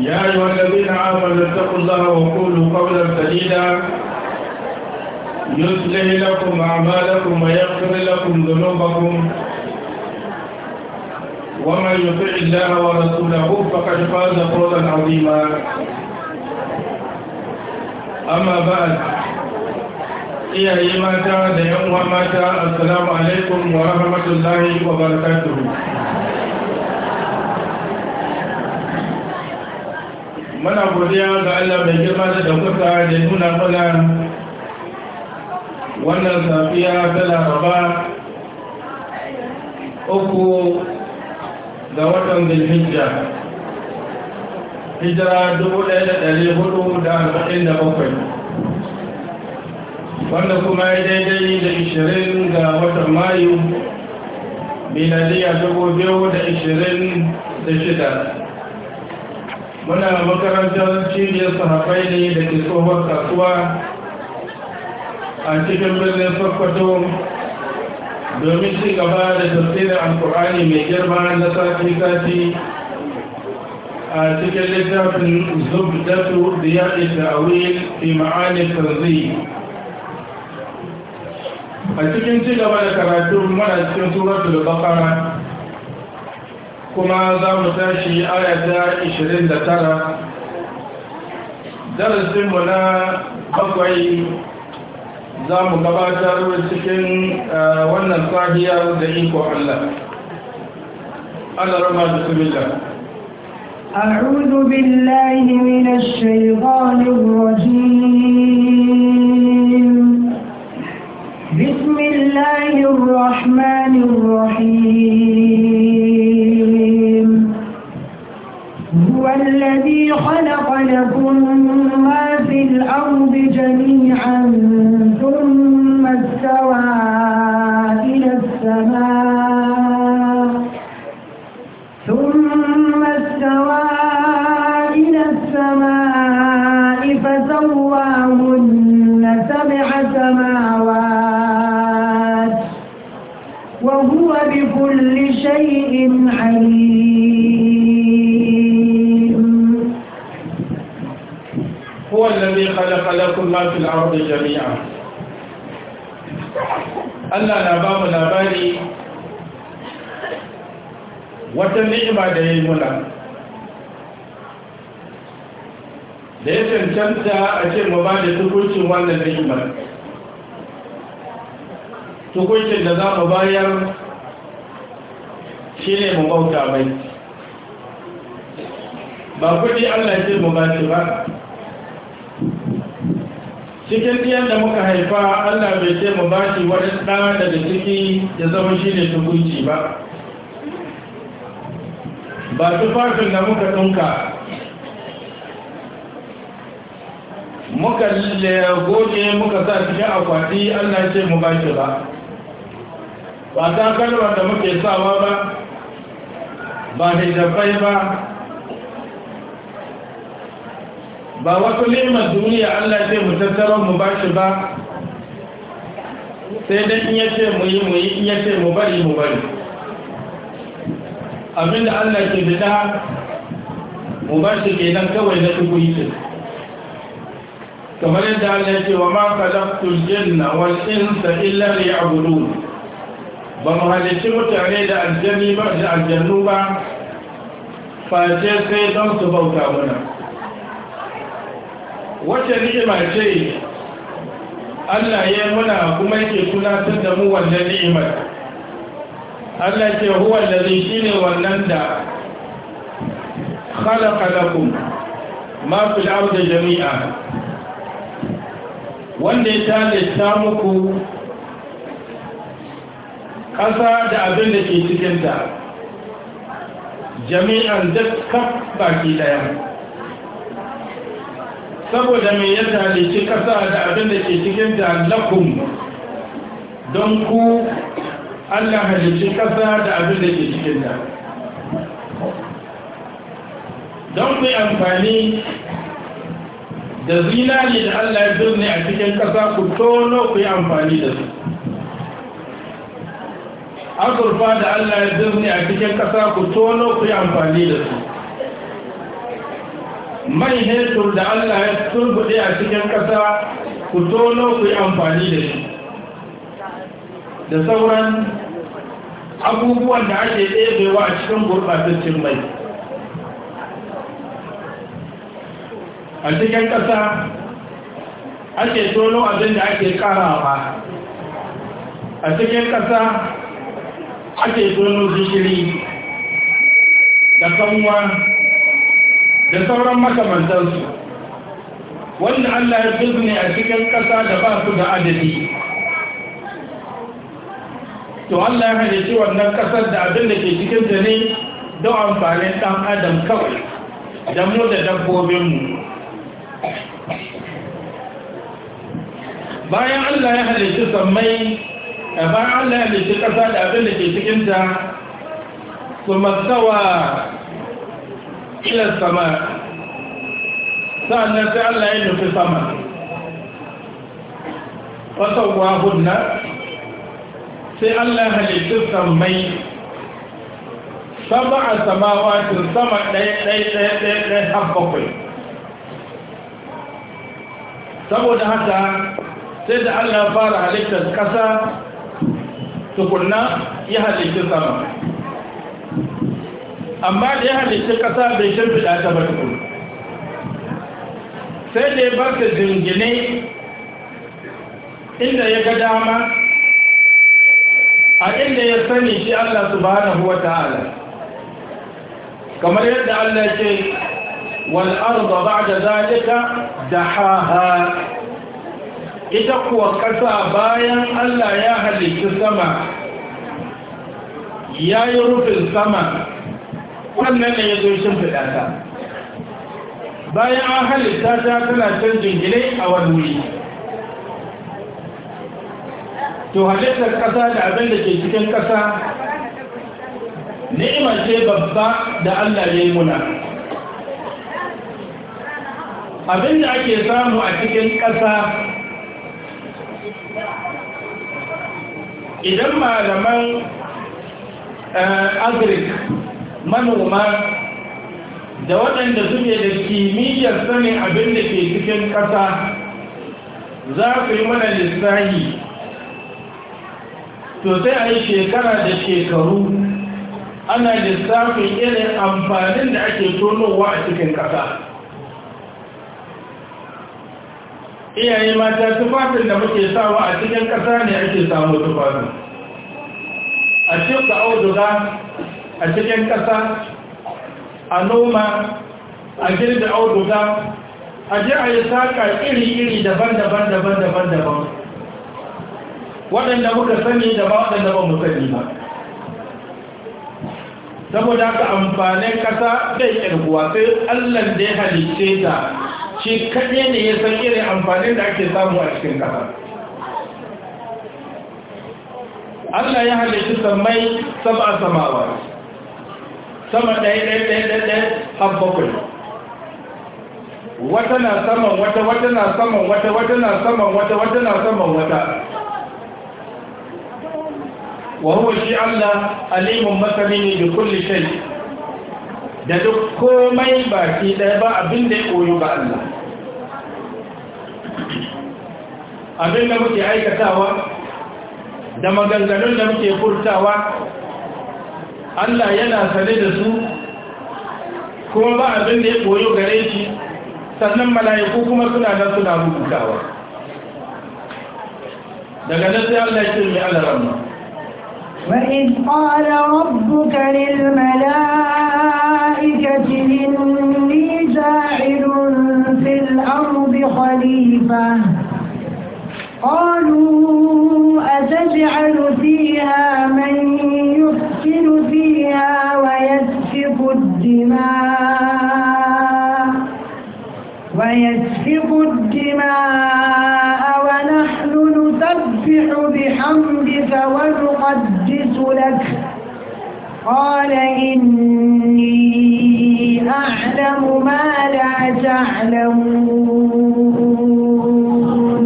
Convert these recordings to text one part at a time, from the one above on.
يا أيها الذين آمنوا اتقوا الله وقولوا قولا سديدا يصلح لكم أعمالكم ويغفر لكم ذنوبكم ومن يطع الله ورسوله فقد فاز فوزا عظيما أما بعد يا mata da yan السلام عليكم ورحمة الله وبركاته muna godiya ga Allah mai girma da daukaka da nuna mana wannan safiya ta laraba uku ga watan hijja hijira 1447 wanda kuma ya daidai da 20 ga watan mayu miladiya 2026 muna makarantar cibiyar sahabai ne da ke tsohon kasuwa a cikin birnin farfato domin ci gaba da tafsirin alkur'ani mai girma na sati-sati a cikin littafin zub da su da awil fi ma'anin tarzi a cikin ci gaba da karatu mana cikin suratul bakara kuma za mu tashi ayata 29 darasinmu na bakwai za mu gabatar cikin wannan sahiya da iko Allah Allah rama da sumila أعوذ بالله من الشيطان الرجيم بسم الله الرحمن الرحيم خلق لكم الله في الأرض جميعا Allah na ba mu labari wata ni'ima da ya yi muna da ya cancanta a ce mu ba da wannan ni'imar tukuncin da za mu bayar shi ne mu bauta mai ba kudi Allah ce mu ba ba cikin ɗiyan da muka haifa Allah bai ce mu ba shi wani ɗa daga ciki ya zama shi ne tukunci ba ba tufafin da muka tunka muka goge muka sa cikin akwati Allah ce mu ba shi ba ba takalmar da muke sawa ba ba hijabai ba ba wata limar duniya Allah zai mu tattara mu ba shi ba sai dai in yace mu yi mu yi in yace mu bari mu bari abinda Allah ke bida mu ba shi nan kawai na dubu yi kamar yadda Allah ya ce wa ma khalaqtul jinna wal insa illa liya'budun ba mu halicci mutane da aljanni ba da aljannu ba face sai don su bauta mana wata ni'ima ce Allah ya muna kuma yake tunatar da mu wannan ni'imar Allah ke huwa shi ne wannan da khalaqa lakum ma fil ardi jami'a wanda ya talitta muku ƙasa da abin da ke cikinta jami'an duk kaf baki ɗaya saboda mai yadda ke kasa da abin da ke cikin da lakun don ku allah halici kasa da abin da ke cikin da don ku amfani da zinari da allah ya birni a cikin kasa ku tono ku amfani da su azurfa da allah ya birni a cikin kasa ku tono ku amfani da su Mai hetur da Allah ya turbuɗe a cikin ƙasa ku tono ku yi amfani da shi da sauran abubuwan da ake ɗebewa a cikin gurɓataccen mai a cikin ƙasa ake tono abin da ake ƙarawa a cikin ƙasa ake tono jikiri da kanwa da sauran makamantansu wanda Allah ya bizne a cikin ƙasa da ba su da adadi to Allah ya ce wannan ƙasar da abin da ke cikin ne don amfanin ɗan adam kawai da mu da dabbobinmu bayan Allah ya halice sammai bayan Allah ya halice ƙasa da abin da ke cikinta su masawa ilar sama sa'annan Allah ya nufi sama wasan wahunna sai Allah halittu sammai sama a samawatin sama ɗaya-ɗaya-ɗaya har bakwai saboda haka sai da Allah fara halittar ƙasa tukunna ya halittu sama amma da ya halitta ƙasa bai da ta ba sai da ya bar ta jingine inda ya ga dama a inda ya sani shi Allah huwa ta ta'ala kamar yadda Allah ke ba ba da zalika haha. ita kuwa kasa bayan Allah ya halitta sama ya yi rufin sama Wannan ne ya zo fada ta bayan an halitta ta tana can jingilai a wani to halittar kasa da abin da ke cikin ƙasa ni'ima ce babba da Allah ya yi muna abin da ake samu a cikin kasa. idan malaman eh, agrik manoma da waɗanda suke da kimiyyar sanin abin da ke cikin ƙasa za ku yi mana lissahi to sai a yi shekara da shekaru ana lissafin irin amfanin da ake tonowa a cikin ƙasa iyaye mata tufafin da muke sawa a cikin ƙasa ne ake samu tufafin a cikin auduga a cikin ƙasa a noma a girda auduga a ji a yi saƙa iri-iri daban-daban daban-daban daban waɗanda muka sani da ba waɗanda ba mu sani ba saboda haka amfanin ƙasa bai ƙirguwa sai allan da ya halice ta shi kaɗai ne ya san irin amfanin da ake samu a cikin ƙasa Allah ya halittu sammai a samawa sama ɗaya ɗaya ɗaya ɗaya ɗaya har bakwai wata na saman wata wata na saman wata wata na saman wata wata na saman wata wa huwa shi Allah alimun masani ne da kulli shay da duk komai ba shi ɗaya ba abin da ya koyo ba Allah abin da muke aikatawa da maganganun da muke furtawa Allah yana sane da su kuma ba abin da ya koyo gare shi sannan mala'iku kuma suna nan suna rubutawa daga nan sai Allah ya ce mai alaramma وإذ قال ربك للملائكة إني جاعل في الأرض خليفة قالوا أتجعل فيها من الدماء ويسفك الدماء ونحن نسبح بحمدك ونقدس لك قال إني أعلم ما لا تعلمون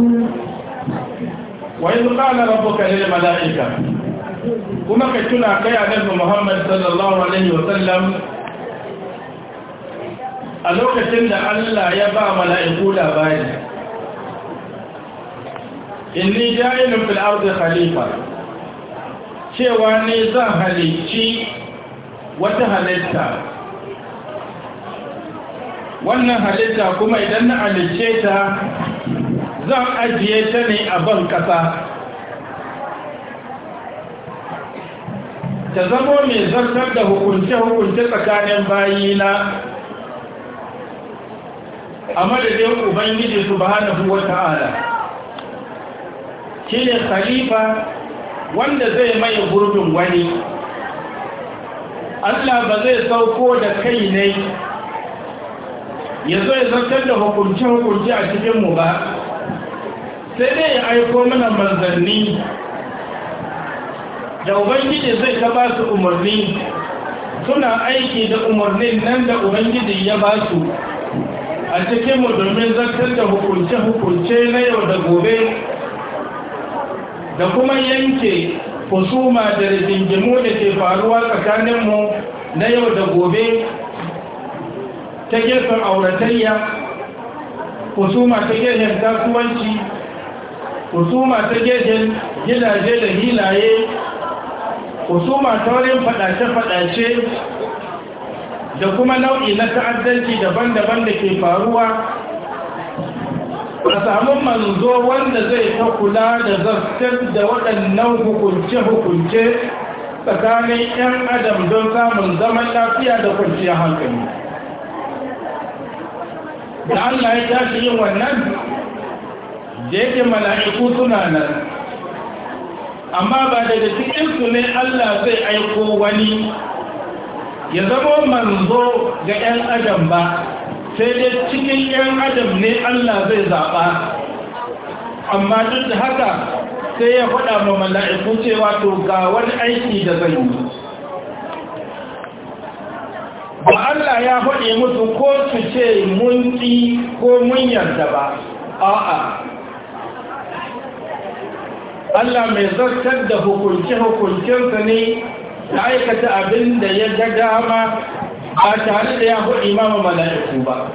وإذ قال ربك للملائكة وما كنت tuna kai annabi Muhammad sallallahu alaihi a lokacin da Allah ya ba mala'iku labari inni ja'ilun fil halifa khalifa cewa ne zan halicci wata halitta wannan halitta kuma idan na halicce ta zan ajiye ta ne a ban kasa ta zamo mai zartar da hukunce-hukunce tsakanin bayina a madadin ubangiji subhanahu huwa ta'ala ne khalifa wanda zai mai gurbin wani Allah ba zai sauko da kai ne ya zo ya zartar da hukunci hukunci a cikinmu ba sai dai ya aiko mana manzanni da ubangiji zai ta ba su umarni suna aiki da umarnin nan da ubangiji ya ba su a cikinmu domin zartar da hukunce-hukunce na yau da gobe da kuma yanke kusuma da rigingimu da ke faruwa tsakaninmu na yau da gobe ta gefen auratayya kusuma ta gefen kasuwanci kusuma ta gefen gidaje da hilaye kusuma ta wurin fadace-fadace da kuma nau'i na ta'addanci daban-daban da ke faruwa a samu manzo wanda zai ta kula da zartar da waɗannan hukunce-hukunce tsakanin 'yan adam don samun zaman lafiya da kwanciyar hankali da allah ya tashi yin wannan da yake mala'iku suna nan amma ba daga cikinsu ne allah zai aiko wani ya zama manzo ga 'yan adam ba sai dai cikin 'yan adam ne Allah zai zaɓa amma duk da haka sai ya faɗa ma mala'iku cewa to ga wani aiki da zai yi ba Allah ya faɗe musu ko su ce mun ƙi ko mun yarda ba a'a Allah mai zartar da hukunce-hukuncensa ne ta aikata abin da ya ga dama ba tare da ya faɗi mama mala'iku ba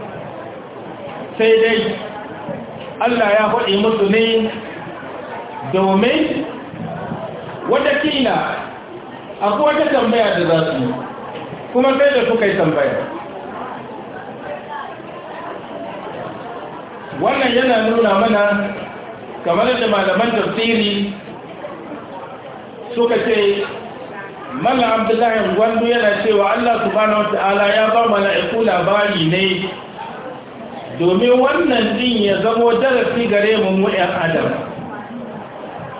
sai dai Allah ya faɗi musu ne domin kina akwai wata tambaya da za su kuma sai da suka yi tambaya wannan yana nuna mana kamar da malaman tafsiri suka ce mala abdullahi gwandu yana cewa allah subhanahu wata'ala ya ba mala'iku labari ne domin wannan din ya zamo darasi gare mu mu yan adam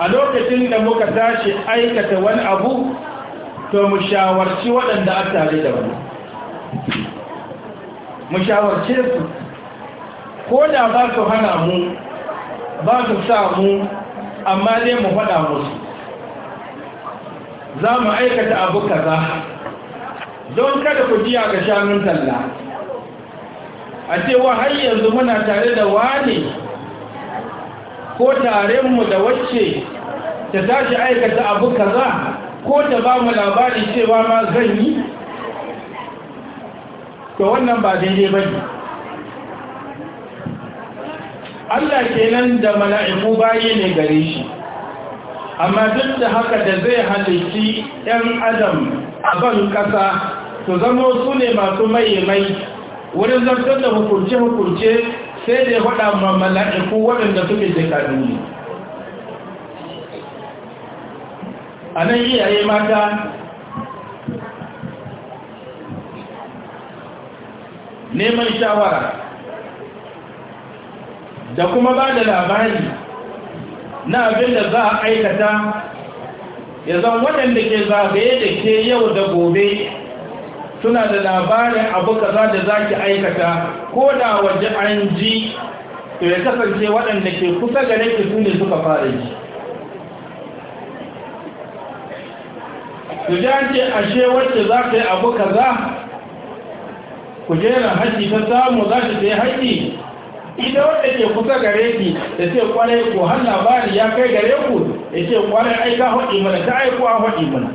a lokacin da muka tashi aikata wani abu to mu shawarci waɗanda a tare da wani mu shawarce su ko da ba su hana mu ba su sa mu amma dai mu faɗa musu za mu aikata abu kaza don kada ku jiya ga shanun talla a cewa har yanzu muna tare da wane ko tare mu da wacce ta tashi aikata abu kaza ko ta ba mu labari cewa ma zan yi to wannan ba daidai ba ne Allah kenan da mala'iku baye ne gare shi amma duk da haka da zai halitti 'yan adam a ban ƙasa su zama su ne masu maimai wurin zartar da hukurce-hukurce sai da ya faɗa ma mala'iku waɗanda suke jikadu ne a nan iyaye mata neman shawara da kuma ba da labari na abin da za a aikata ya zan waɗanda ke zagaye da ke yau da gobe suna da labarin abu kaza da za ki aikata ko da waje an ji to ya kasance waɗanda ke kusa gare ki su ne suka fara ji Ku ji an ce ashe wacce za ka yi abu kaza ku jera haji ta samu za ta yi haji Ina wanda ke kusa gare ki da ce kwarai ko har labari ya kai gare ku ya ce kwarai ai ka haɗi mana ta aiko a haɗi mana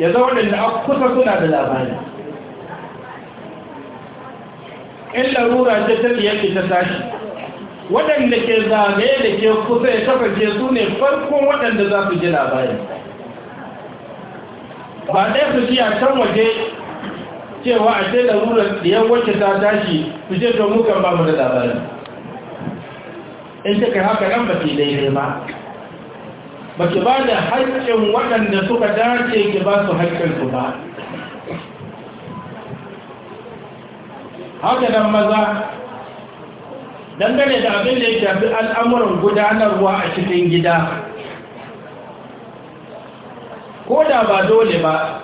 ya zama waɗanda na kusa suna da labari in larura ce ta ɗiyarki ta tashi waɗanda ke zagaye da ke kusa ya kasance su ne farkon waɗanda za su ji labari ba ɗaya su ji a can waje cewa a ce larurar ɗiyar wacce ta tashi ku ce to mukan ba mu da labarin in ta haka nan ba ke daidai ba ba ki ba da haƙƙin waɗanda suka dace ki ba su haƙƙinsu ba haka nan maza dangane da abin da ya shafi al'amuran gudanarwa a cikin gida ko da ba dole ba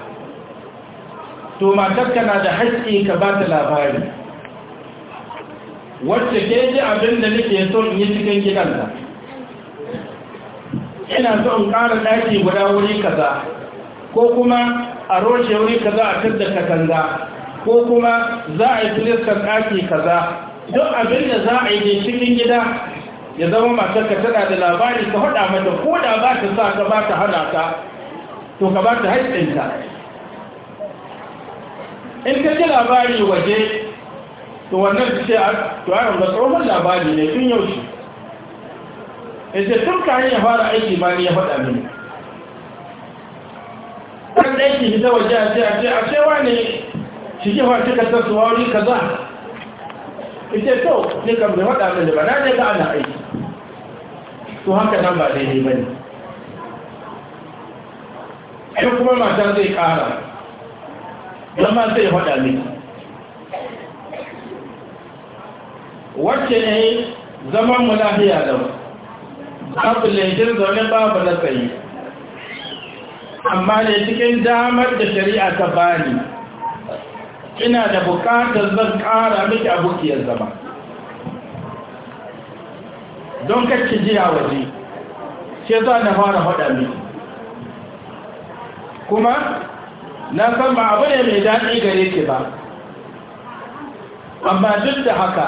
to matarka na da haƙƙi ka ba ta labari wacce ke ji abin da nake so in yi cikin gidanta ina so in ƙara ɗaki guda wuri kaza ko kuma a roshe wuri kaza a tadda katanga ko kuma za a yi filiskan ɗaki kaza don abin da za a yi cikin gida ya zama matarka tana da labari ka haɗa mata ko da ba ta sa ka ba ta hana ta to ka ba ta haƙƙinta in ka ji labari waje to wannan ce a tuwaron da tsohon labari ne tun in ita tun kayan ya fara aiki ba ne ya faɗa mini kan aiki ta waje a ce a ce a wa ne shi ji cika ka wa wuri ka za ita to ne kan bai faɗa mini ba na ne ka ana aiki to haka nan ba daidai ba ne kuma mata zai ƙara zama zai faɗa ne wacce ne zaman mu lafiya da babu laifin zaune babu na tsaye amma ne cikin damar da shari'a ta bani ina da bukatar zan ƙara miki abokiyar zama don kacce jiya waje ce za na fara faɗa ne kuma na san ba abu ne mai daɗi gare ki ba amma duk da haka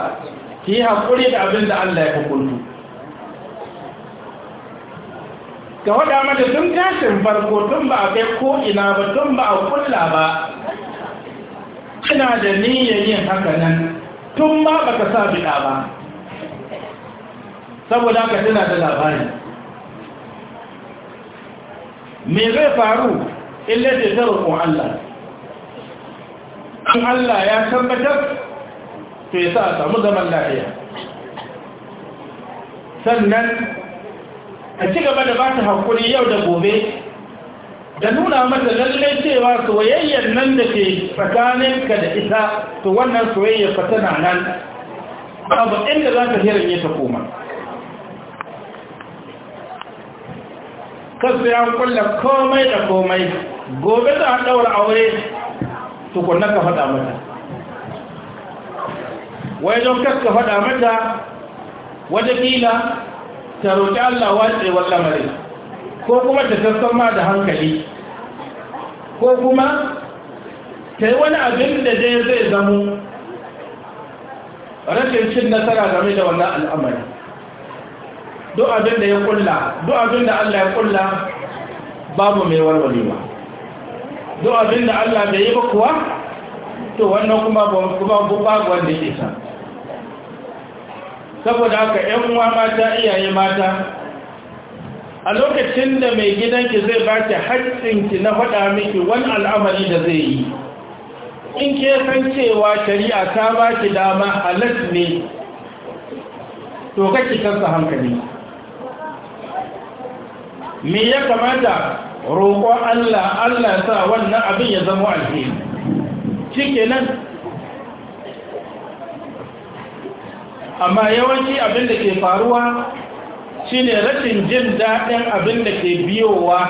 ki yi haƙuri da abin da Allah ya hukuntu ga waɗa mata tun tashin farko tun ba a kai ko'ina ba tun ba a kulla ba ina da niyyar yin haka nan tun ma ba ka sa biɗa ba saboda ka tana da labari me zai faru illa da zarafin Allah an Allah ya tabbatar to ya sa a samu zaman lafiya sannan a ci gaba da ba ta haƙuri yau da gobe da nuna mata lallai cewa soyayyar nan da ke tsakaninka da ita to wannan soyayyar fatana nan abu inda za hira hirin ta koma kasu ya kulla komai da komai gobe za a ɗaura aure tukunna ka faɗa mata wai don kaska faɗa mata kila ta roƙi Allah watsewar lamarin ko kuma ta sassan ma da hankali ko kuma ta yi wani abin da zai zai zamo rashin cin nasara game da wannan al'amari duk abin da ya kulla duk abin da Allah ya kulla babu mai warwarewa duk abin da Allah bai yi ba kuwa to wannan kuma kuma babu wanda yake san saboda haka ƴan uwa mata iyaye mata a lokacin da mai gidan ki zai ba ki ki na faɗa miki wani al'amari da zai yi in ke san cewa shari'a ta ba ki dama halas ne to kake kansa hankali me ya kamata roƙo Allah Allah sa wannan abin ya zama alheri cike nan amma yawanci abin da ke faruwa shine rashin jin daɗin abin da ke biyowa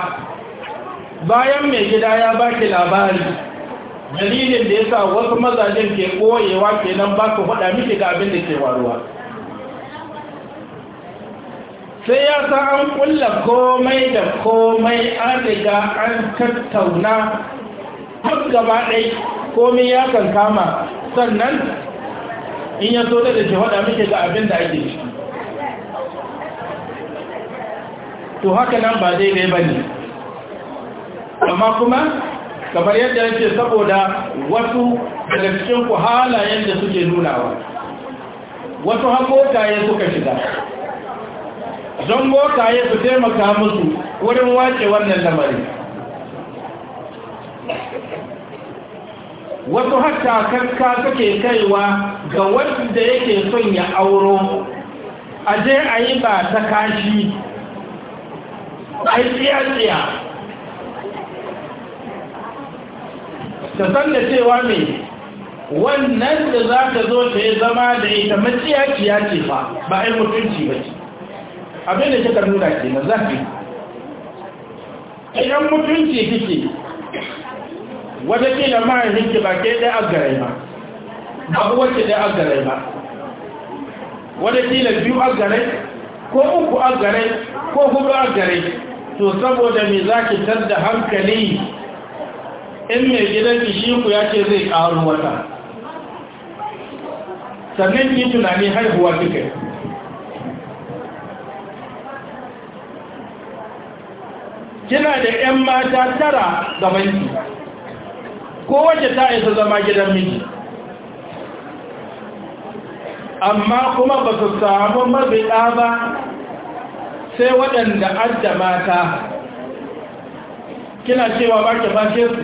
bayan mai gida ya ba baki labari dalilin da ya sa wasu mazajen ke ɓoyewa kenan ba ku faɗa miki ga abin da ke faruwa sai ya sa an kulla komai da komai an riga an tattauna duk gaba ɗai komai ya kan kama sannan in ya so da ke waɗa muke ga abin da ake shi to haka nan ba daidai ba ne amma kuma kamar yadda yake saboda wasu daga cikin ku halayen da suke nunawa wasu ya suka shiga don ya su taimaka musu wurin wace wannan lamari wasu hatta karka suke kaiwa ga wanda yake son ya auro a je a yi ba ta kashi a yi tsiya ta san da cewa mai wannan da za ta zo ta yi zama da ita maciyaciya ce ba ba a mutunci ba ce abin da kika nuna ke na zafi idan mutunci kike watakila mahaifinki ba ke ɗaya agarai ba abu wacce ɗaya agarai ba watakila biyu agarai ko uku agarai ko hudu agarai to saboda mai za ki da hankali in mai gidan shi ku ya ce zai ƙaru wata sannan ki tunani haihuwa kika kina da 'yan mata tara gabanki kowace ta isa zama gidan miji amma kuma ba su samu mabiɗa ba sai waɗanda da mata kina cewa ba ki bashe su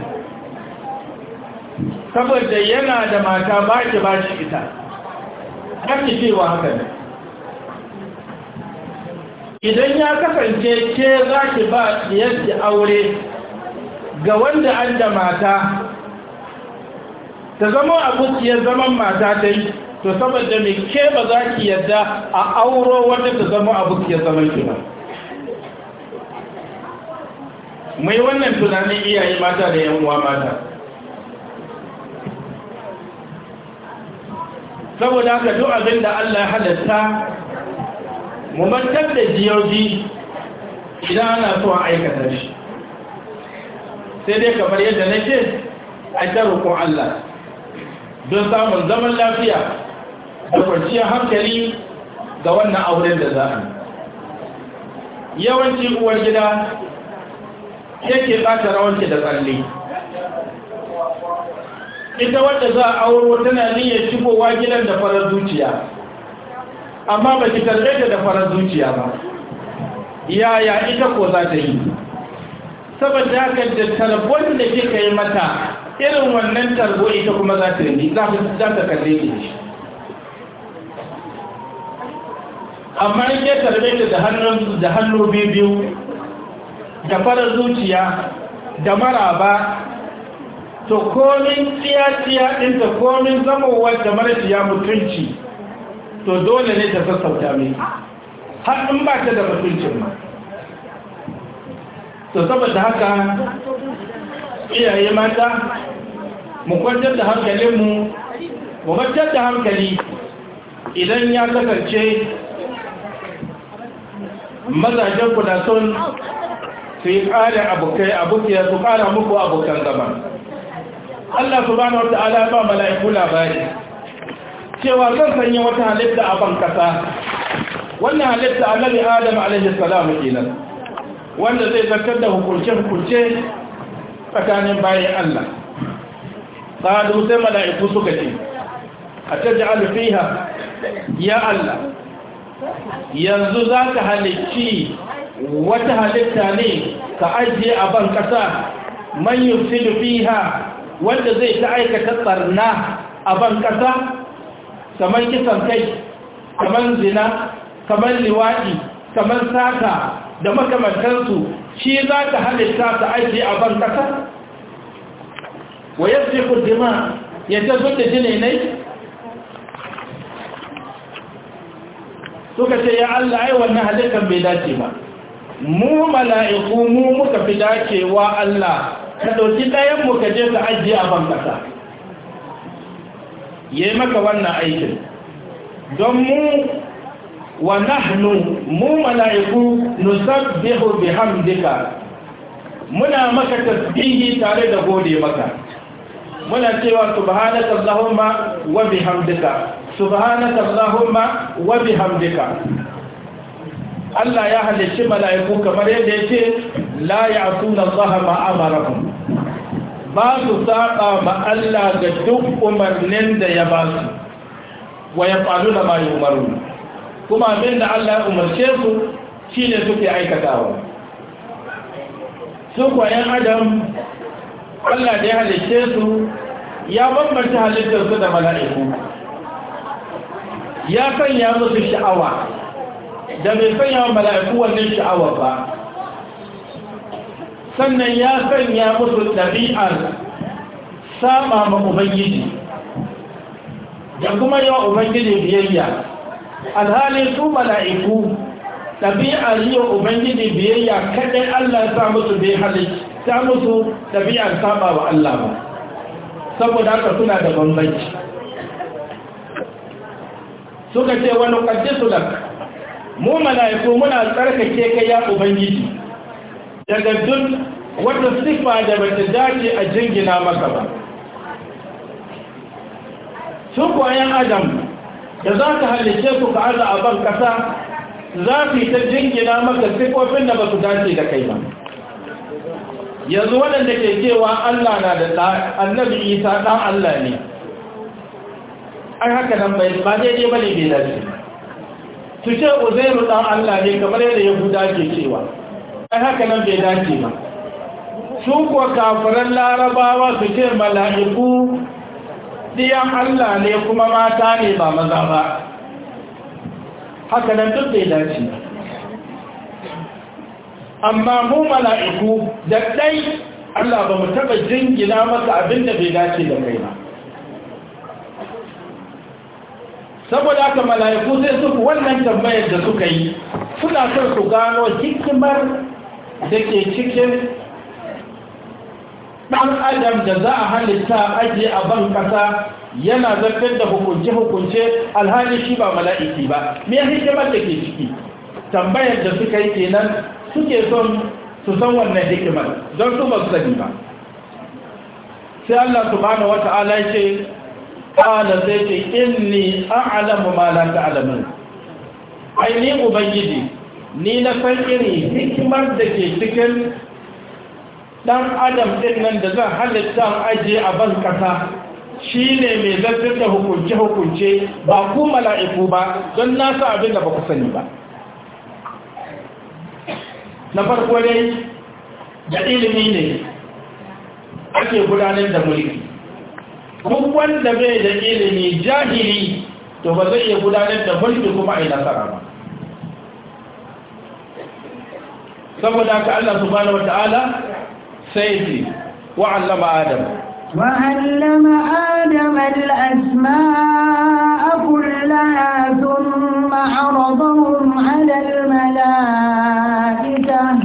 saboda yana da mata ba ki ita har ki cewa haka ne idan ya kasance ke za ki ba ɗiyarki aure ga wanda an da mata ta zama abokiyar zaman mata ta yi to saboda mai ke ba za ki yadda a auro wanda ta zama abokiyar zaman ki ba mai wannan tunanin iyaye mata da yan uwa mata saboda haka duk abin da Allah halatta mu mantar da jiyoji idan ana so a aikata shi sai dai kamar yadda na ce a ta rukun Allah don samun zaman lafiya da kwanciyar hankali ga wannan auren da za a yawanci uwar gida yake ɓata rawanki da tsalle ita wadda za a auro tana niyyar shigowa gidan da farar zuciya amma ba ki tarbe ta da farar zuciya ba yaya ita ko za ta yi saboda haka da tarbon da kika yi mata irin wannan tarbo ita kuma za ta yi za ta kalle ki amma in ke tarbe ta da hannun da hannu biyu da farar zuciya da maraba to komin tsiya-tsiya ɗinta komin zamowar da marasiya mutunci to dole ne ta sassauta mai har in ba ta da mutuncin ma to saboda haka iyaye mata mu kwantar da hankalinmu mu kwantar da hankali idan ya kasance mazajen ku na son su yi ƙarin abokai abokai su ƙara muku abokan gaba Allah subhanahu wa ta'ala ba mala'iku labari cewa zan sanya wata halitta a ban kasa wannan halitta annabi adam alaihi salamu kenan wanda zai zartar da hukunce hukunce tsakanin bayan Allah qalu sai mala'iku suka ce ataj'alu fiha ya Allah yanzu zaka halicci wata halitta ne ka ajiye a ban kasa man yufsidu fiha wanda zai ta aikata tsarna a ban kasa kamar kisan kai kamar zina kamar liwaɗi kamar sata da makamantansu shi za ta halitta ta aiki a ban ƙasa Waye yadda kudima ya ta zuɗa jini ne suka ce ya Allah ai wannan halittar bai dace ba mu mala'iku mu muka fi dacewa Allah ka ɗauki ɗayan mu ka je ka ajiye a ban ƙasa ya yi maka wannan aikin don mu wa nahnu mu mala'iku nusabbihu bihamdika muna maka tasbihi tare da gode maka muna cewa subhanaka allahumma wa bihamdika subhanaka allahumma wa bihamdika Allah ya halicci mala'iku kamar yadda ce la ya'tuna allaha ma amarahum ba su saba ma Allah ga duk umarnin da ya ba su wa ya faru da mai umaru kuma abin da Allah ya umarce su shi ne suke aikatawa su kwayan adam Allah da ya halice su ya bambanta halittar su da mala'iku ya sanya musu sha'awa da bai sanya wa mala'iku wannan sha'awa ba sannan ya sanya musu ɗabi'ar saba ma ubangiji da kuma wa ubangiji biyayya alhali su mala'iku ɗabi'ar yi wa ubangiji biyayya kaɗai allah ta musu bai halitta ta musu ɗabi'ar saba wa allah ba saboda haka suna da bambanci suka ce wani ƙaddisu da mu mala'iku muna tsarkake kai ya ubangiji daga duk wata siffa da bata dace a jingina maka ba Tukwayen adam da za ka halice ku ka aza a ban kasa za su yi ta jingina maka sifofin da ba su dace da kai ba yanzu waɗanda ke cewa Allah na da annabi isa ɗan Allah ne ai haka nan bai ba daidai ba ne bai dace su ce uzairu ɗan Allah ne kamar yadda yahuda ke cewa dan haka nan bai dace ba su kuwa kafiran larabawa su ce mala'iku diyan Allah ne kuma mata ne ba maza ba haka nan duk bai dace amma mu mala'iku da ɗai Allah ba mu taɓa jingina masa abin da bai dace da kai ba saboda haka mala'iku sai suku wannan tambayar da suka yi suna son su gano hikimar da ke cikin ɗan adam da za a halitta ajiye a ban ƙasa yana zartar da hukunce-hukunce alhali shi ba mala'iki ba me ya hikimar da ke ciki tambayar da suka yi kenan suke son su san wannan hikimar don su masu sani ba sai Allah subhanahu wata ala ce ƙala sai ce inni a'lamu ma la ta'lamun ai ni ubangiji ni na san irin hikimar da ke cikin ɗan adam din nan da zan halitta ajiye a ban ƙasa shi ne mai zartar da hukunce-hukunce ba ku mala'iku ba don nasa abin da ba ku sani ba na farko dai da ilimi ne ake gudanar da mulki duk wanda bai da ilimi jahili to ba zai iya gudanar da mulki kuma a yi nasara ba saboda haka Allah subhanahu wataala sai ji wa allama adam wa allama adam al-asma'a kullaha thumma 'aradahum 'ala al-mala'ikah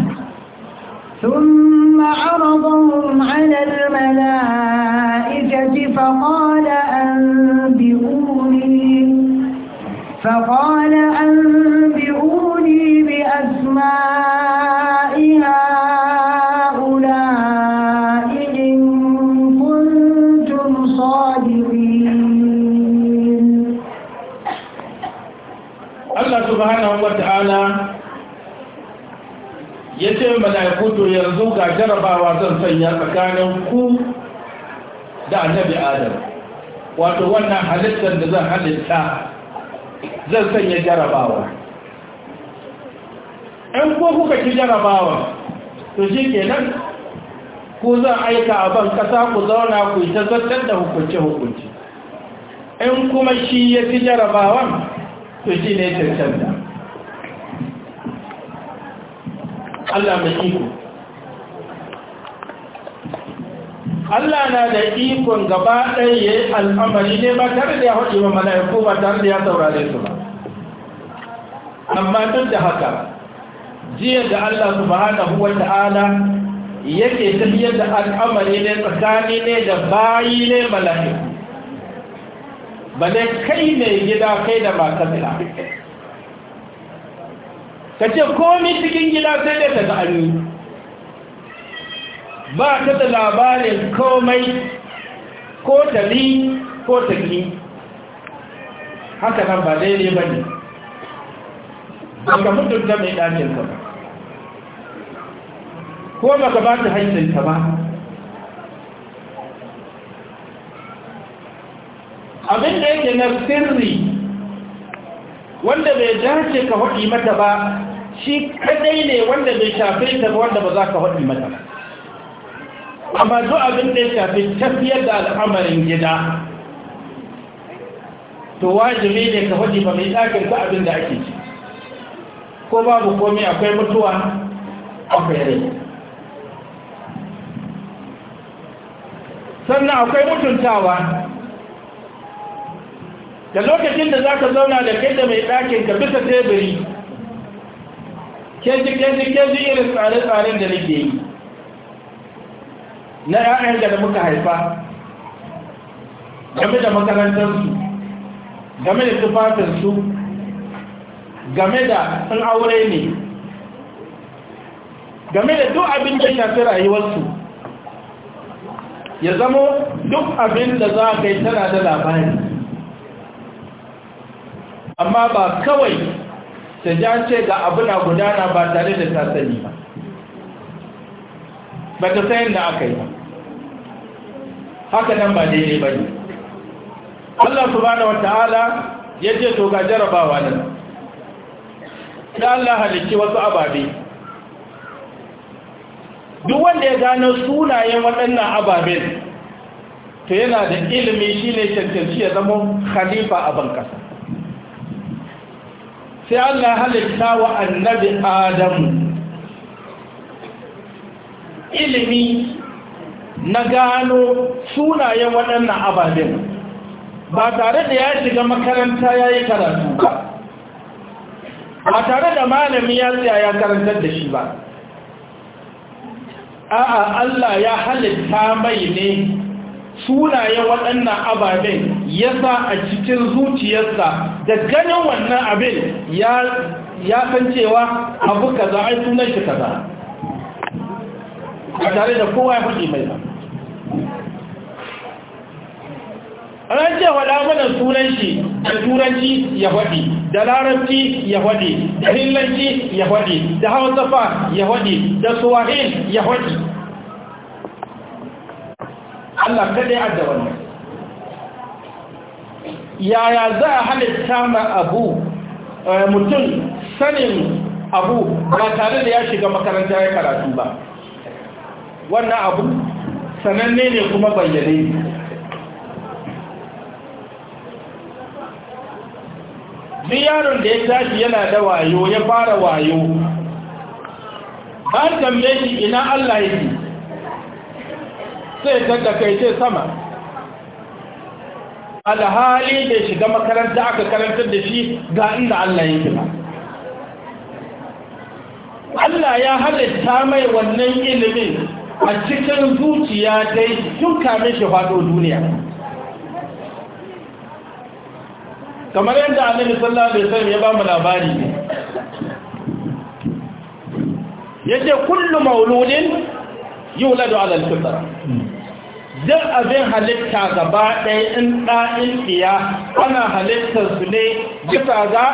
thumma 'aradahum 'ala al-mala'ikati faqala anbi'uni فقال أنبئوني بأسمائي rana ya ce mala'iku to yanzu ga jarabawa zan sanya tsakanin ku da annabi adam wato wannan halittar da zan halitta zan sanya jarabawa in ko kuka ci jarabawa to shi kenan ku zan aika a ban kasa ku zauna ku ta zartar da hukunce hukunci in kuma shi ya ci jarabawan to shi ne cancanta Allah mai iko Allah na da ikon gaba ɗaya ya yi al'amari ne ba tare da ya haɗe wa mala'iku ba tare da ya saurare su ba amma duk da haka jiya da Allah haɗa wa ta'ala yake tafiyar da al'amari ne tsakani ne da bayi ne mala'iku ba dai kai ne gida kai da ba kabila ka ce komi cikin gida sai dai ta ga an ba ta da labarin komai ko ta li ko ta ki haka nan ba daidai ba ne baka mutunta mai ɗakinka ba ko baka ba ta hancinta ba abinda yake na sirri wanda bai dace ka haɗi mata ba shi kadai ne wanda bai shafe ta ba wanda ba za ka haɗi mata amma zo abin da ya shafi tafiyar da al'amarin gida to wajibi ne ka haɗi ba mai ɗakin ka abin da ake ci ko babu komai akwai mutuwa akwai rai sannan akwai mutuntawa da lokacin da za ka zauna da kai da mai ɗakin ka bisa teburi keji keji keji irin tsare-tsaren da nake yi na ‘ya'yan da muka haifa game da makarantarsu game da tufafinsu game da sun aure ne game da duk abin da shafi rayuwarsu ya zamo duk abin da za ka yi tana da labari amma ba kawai ta jance ga abuna gudana ba tare da sasani ba ba ta sayan da aka yi ba haka nan ba daidai ba ne Allah subhanahu ta'ala ya ce to ga jarabawa nan da Allah halicci wasu ababe duk wanda ya gano sunayen waɗannan ababen to yana da ilimi shine cancanci ya zama khalifa a bankasa sai Allah ya halitta wa annabi Adamu ilimi na gano sunayen waɗannan ababen ba tare da ya shiga makaranta ya yi karatu ba ba tare da malami ya tsaya ya karantar da shi ba a'a Allah ya halitta mai ne sunayen waɗannan ababen ya sa a cikin zuciyarsa da ganin wannan abin ya san cewa abu kaza ai sunan shi kaza a tare da kowa ya faɗi mai ba ran ce waɗa mana sunan shi da turanci ya faɗi da larabci ya faɗi da hillanci ya faɗi da hausafa ya faɗi da suwahil ya faɗi Allah kada ya adda wannan yaya za a halitta ma abu eh, mutum sanin abu ba tare da ya shiga makaranta ya karatu ba wannan abu sananne ne kuma bayyane duk yaron da ya tashi yana da wayo ya fara wayo ba tambaye ina Allah yake sai ta da kai ce sama alhali da shiga makaranta aka karantar da shi ga inda Allah yake ba Allah ya halitta mai wannan ilimin a cikin zuciya dai tun kame shi faɗo duniya kamar yadda annabi sallallahu alaihi wasallam ya ba mu labari ne yace kullu mauludin yuladu ala al-fitra duk abin halitta gaba ɗaya in ɗa'in ɗiya ana halittar su ne bisa ga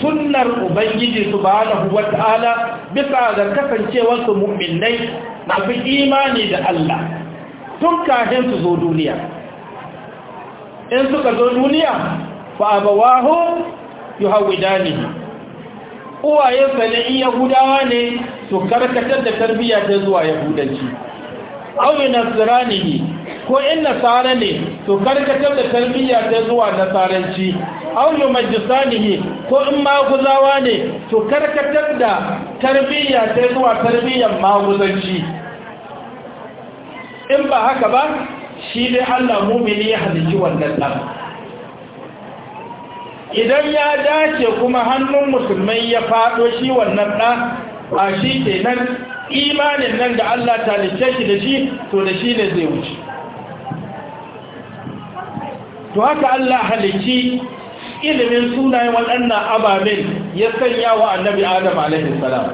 sunnar ubangiji su ba na wata'ala bisa ga su mu'minai masu imani da Allah tun kafin su zo duniya in suka zo duniya fa abawahu yuhawidanihi Uwaye ne in yahudawa ne su karkatar da tarbiyya ta zuwa yahudanci aw nasranihi ko in nasara ne to karkatar da tarbiyya ta zuwa nasaranci auyo majisanihi ko in maguzawa ne to karkatar da tarbiyya ta zuwa tarbiyyar maguzanci in ba haka ba shi ne Allah mumini ya halici wannan ɗan idan ya dace kuma hannun musulmai ya faɗo shi wannan ɗan a shi kenan imanin nan da Allah ta halice shi da shi to da shi ne zai wuce to haka Allah halicci ilimin sunayen waɗannan ababen ya sanya wa annabi adam a.s.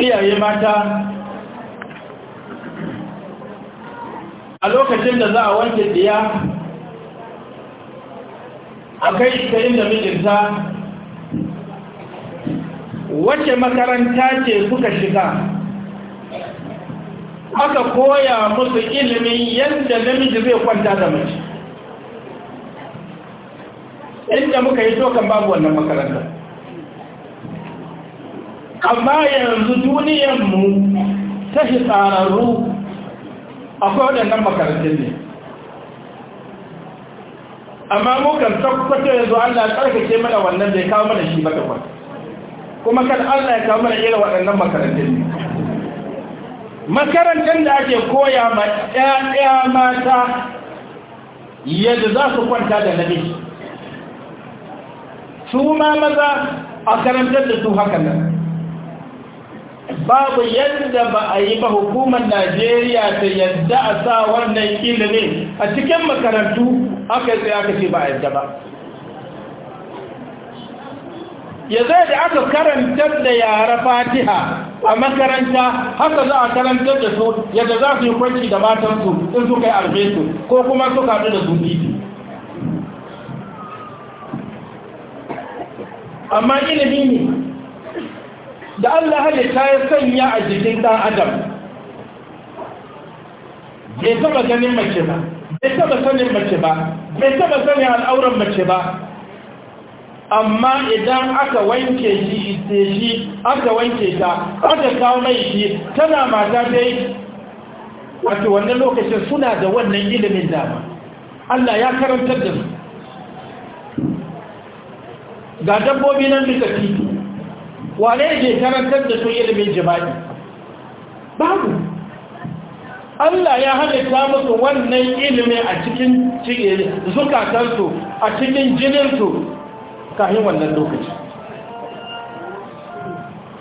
iyaye mata a lokacin da za a wanke diya a kai ta inda mijinta wace makaranta ce suka shiga aka koya musu ilimin yadda namiji zai kwanta da mace inda muka yi tokan babu wannan makaranta amma yanzu duniyanmu ta shi tsararru akwai waɗannan makarantun ne amma mukan tabbatar yanzu allah tsarkake mana wannan zai kawo mana shi ba kuma kan allah ya kawo mana irin waɗannan makarantun ne makarantar da ake koya ma ɗaya mata yadda za su kwanta da nabi su ma maza a karantar da su haka nan babu yadda ba a yi ba hukumar najeriya ta yadda a sa wannan ilimin a cikin makarantu aka yi aka ce ba a yadda ba ya zai da aka karantar da yara fatiha a makaranta haka za a karantar da su yadda za su yi kwanci da matansu in suka yi arbesu ko kuma suka haɗu da su titi amma ilimi ne da allah halitta ya sanya a jikin ɗan adam bai taɓa ganin mace ba bai taɓa sanin mace ba bai taɓa sanin al'auran mace ba amma idan aka wanke shi ite shi aka wanke ta aka kawo mai shi tana mata dai wato wannan lokacin suna da wannan ilimin dama Allah ya karantar da su ga dabbobi nan duka titi wane ne karantar da su ilimin jima'i babu Allah ya halitta musu wannan ilimin a cikin eh, zukatansu a cikin jininsu kafin wannan lokaci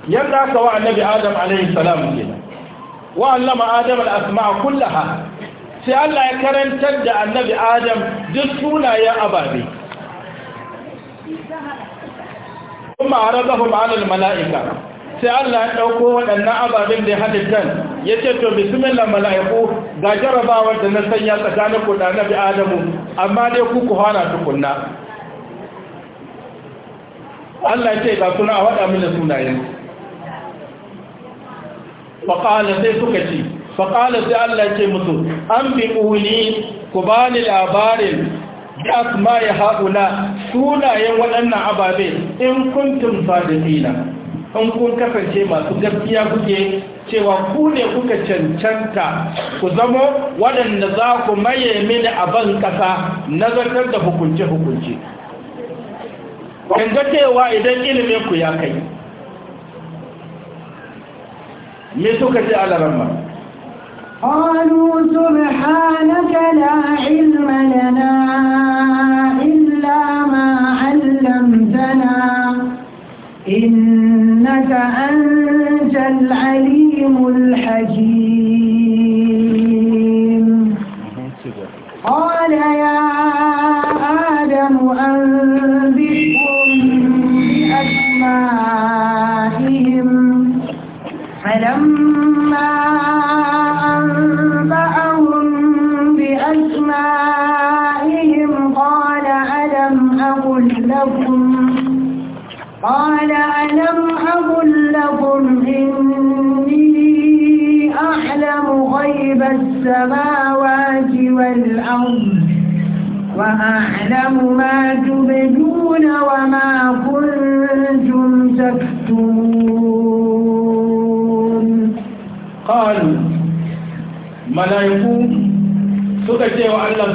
yadda aka wa annabi adam alaihi salam ne wa allama adam al-asma'a kullaha sai Allah ya karantar da annabi adam duk sunayen ababe kuma aradahu ma'al mala'ika sai Allah ya dauko waɗannan ababin da ya halittan ya ce to bismillah mala'iku ga jarabawar da na sanya tsakanin ku da annabi adamu amma dai ku ku hana tukunna Allah ce ga kuna waɗa mini sunayen faƙala sai suka ce faƙala sai Allah ce musu an bi uni ku ba labarin da ma ya haƙula sunayen waɗannan ababe in kuntum sadiqina in kun kasance masu gaskiya kuke cewa ku ne kuka cancanta ku zama waɗanda za ku maye mini a ban ƙasa nazartar da hukunce-hukunce in ga cewa idan ilimin ku ya kai me suka ce alaramma قالوا سبحانك لا علم لنا إلا ما علمتنا إنك أنت العليم الحكيم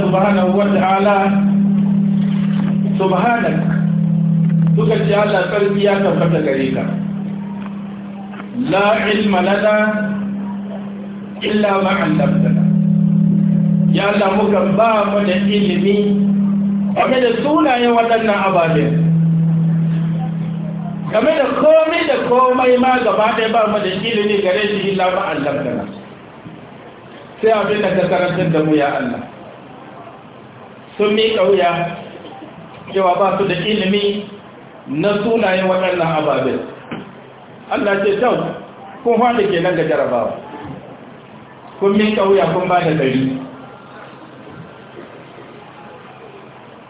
subhanahu wa ta'ala subhanak suka ce Allah karfi ya tabbata gare ka la ilma lana illa ma 'allamtana ya Allah muka ba mu da ilimi game da sunayen waɗannan ababen game da komai da komai ma gaba ɗaya ba mu da ilimi gare shi illa ma 'allamtana sai abin da ka karantar da mu ya Allah sun miƙa wuya cewa ba su da ilimi na sunayen waɗannan ababen Allah ce tau kun hada ke nan ga jarabawa kun miƙa wuya kun ba da ɗari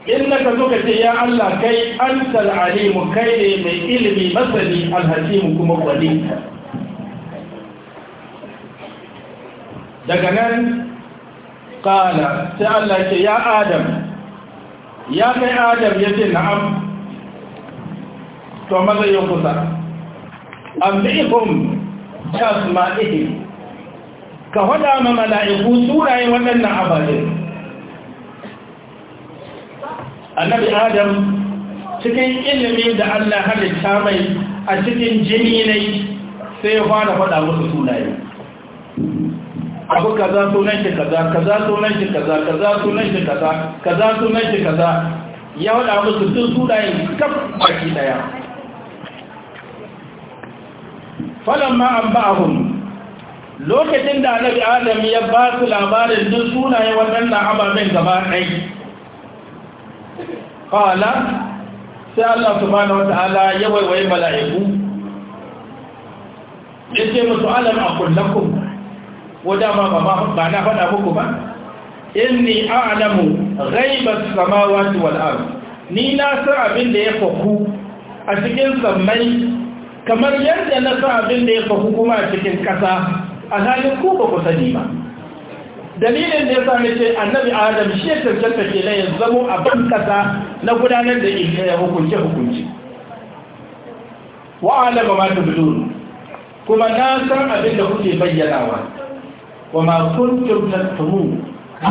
in na ka zo ka ce ya Allah kai an alimu kai ne mai ilimi masani alhakimu kuma wani daga nan ƙala sai Allah ke ya adam ya kai adam ya ce na'am to maza yi kusa an bi'ihun ta sma'ihi ka hada ma mala'iku suraye waɗannan abalin annabi adam cikin ilimin da Allah halitta mai a cikin jini ne sai ya fara faɗa musu sunaye abu kaza sunan shi kaza kaza sunan shi kaza kaza sunan shi kaza kaza sunan shi kaza ya wada musu duk sunayen kaf baki daya falamma ba'ahum lokacin da annabi adam ya ba su labarin duk sunayen waɗannan ababen gaba dai qala sai Allah subhanahu wata'ala ya waiwaye mala'iku yace ce musu alam a kullakun ko da ba ma ba na faɗa muku ba inni a'lamu ghaibat samawati wal ard ni na san abin da ya faku a cikin sammai kamar yadda na san abin da ya faku kuma a cikin ƙasa a halin ku ba ku sani ba dalilin da ya sa ce annabi adam shi ya tantance da ya zamo a ban ƙasa na gudanar da hukunce hukunci wa alama ma tabdun kuma na san abin da kuke bayyanawa wa ma kuntum tumu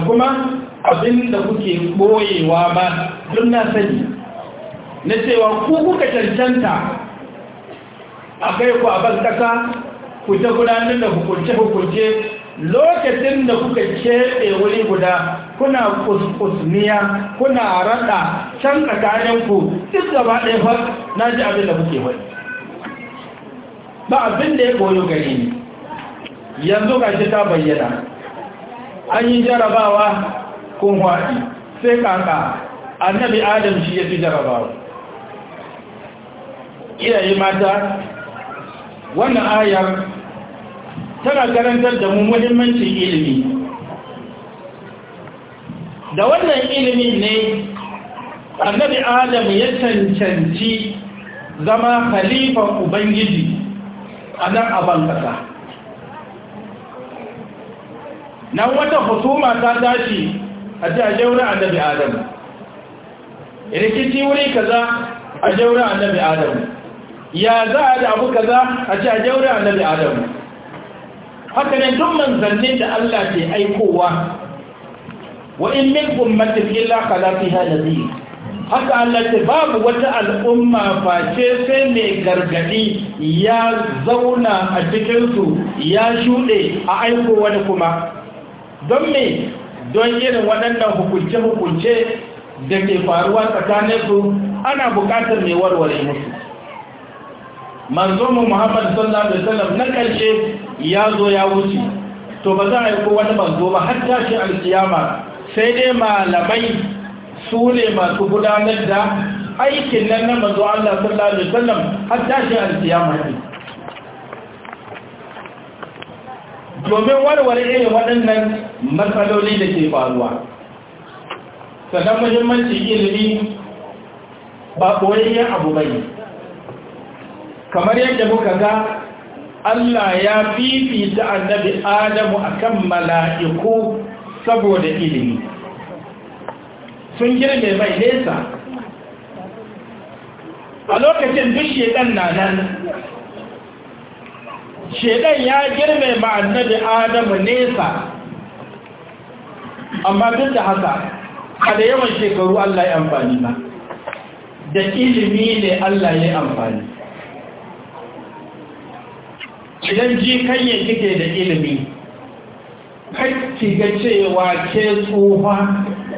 kuma abin da kuke koyewa ba don na sani na cewa ku kuka cancanta a kai ku a bar ku ta gudanar da hukunce-hukunce lokacin da kuka keɓe wuri guda kuna kuskusniya kuna raɗa can tsakaninku duk gaba ɗaya na ji abin da kuke wani ba abin da ya koyo gari ne yanzu gashi ta bayyana an yi jarabawa kun haɗi sai kaka annabi adam shi ya fi jarabawa Iyayi mata wannan ayar tana karantar da mu muhimmancin ilimi da wannan ilimi ne annabi adam ya cancanci zama khalifan ubangiji a nan a ban Na wata husuma ta tashi a ce a jaura annabi adam rikici wuri kaza a jaura annabi adam ya za a da abu kaza a ce a jaura annabi adam haka ne duk manzannin da Allah ke aikowa wa in min ummatin illa khala fiha nadhir haka Allah ce babu wata al'umma face sai mai gargadi ya zauna a cikinsu ya shuɗe a aiko wani kuma don me don irin waɗannan hukunce-hukunce da ke faruwa tsakaninsu ana buƙatar mai warware musu manzomin muhammad sallallahu alaihi wasallam na ƙarshe ya zo ya wuce to ba za a yi ko wani manzo ba har tashi alkiyama sai dai malamai su ne masu gudanar da aikin nan na manzo Allah sallallahu alaihi wasallam har tashi alkiyama ne domin warware irin waɗannan matsaloli da ke faruwa sannan muhimmanci ilimi ba ɓoyayyen abu bai kamar yadda muka ga Allah ya fifita annabi Adamu a kan mala'iku saboda ilimi sun girbe mai nesa a lokacin duk shekan na nan shedan ya girme ma annabi adamu nesa amma duk da haka a da yawan shekaru Allah ya amfani ba da ilimi ne Allah ya amfani idan ji kanye kike da ilimi ki ga cewa ke tsufa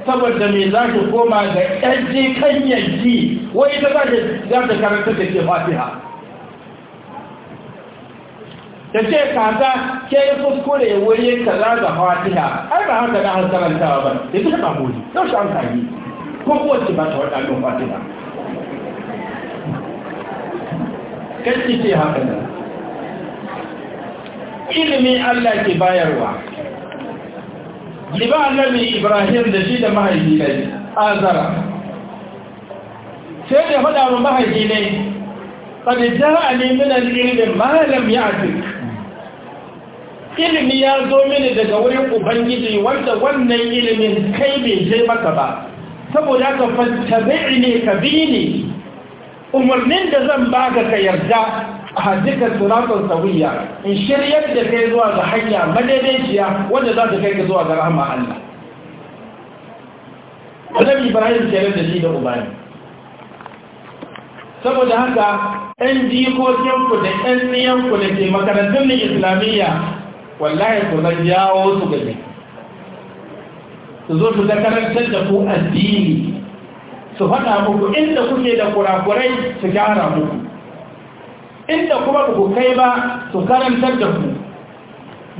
saboda mai za ki koma ga ɗan ji kanye ji wai ita za ta karanta da ke fatiha ta ce kata ke yi kuskure wuri kaza da fatiha ai ba haka na an ba da kusa ba muni yau shi an kayi ko kowace ba ta wata don fatiha kan ki ce haka nan ilimin Allah ke bayarwa liba annabi Ibrahim da shi da mahaifi ne azara sai da faɗa wa mahaifi ne قد جاءني من العلم ما لم يعتك ilimi ya zo mini daga wurin ubangiji wanda wannan ilimin kai bai je maka ba saboda haka bai ne ka bi ne umarnin da zan baka ka yarda a duka suratun sawiya in shiryar da kai zuwa ga hanya madaidaiciya wanda za ta kai ka zuwa ga rahama Allah Annabi Ibrahim kenan da shi da ubani saboda haka 'yan jikokinku da 'yan niyanku da ke makarantun islamiyya wallahi ku zan jawo su gani su zo su zakarantar da ku addini su faɗa muku inda kuke da kurakurai su gyara muku inda kuma ku kai ba su karantar da ku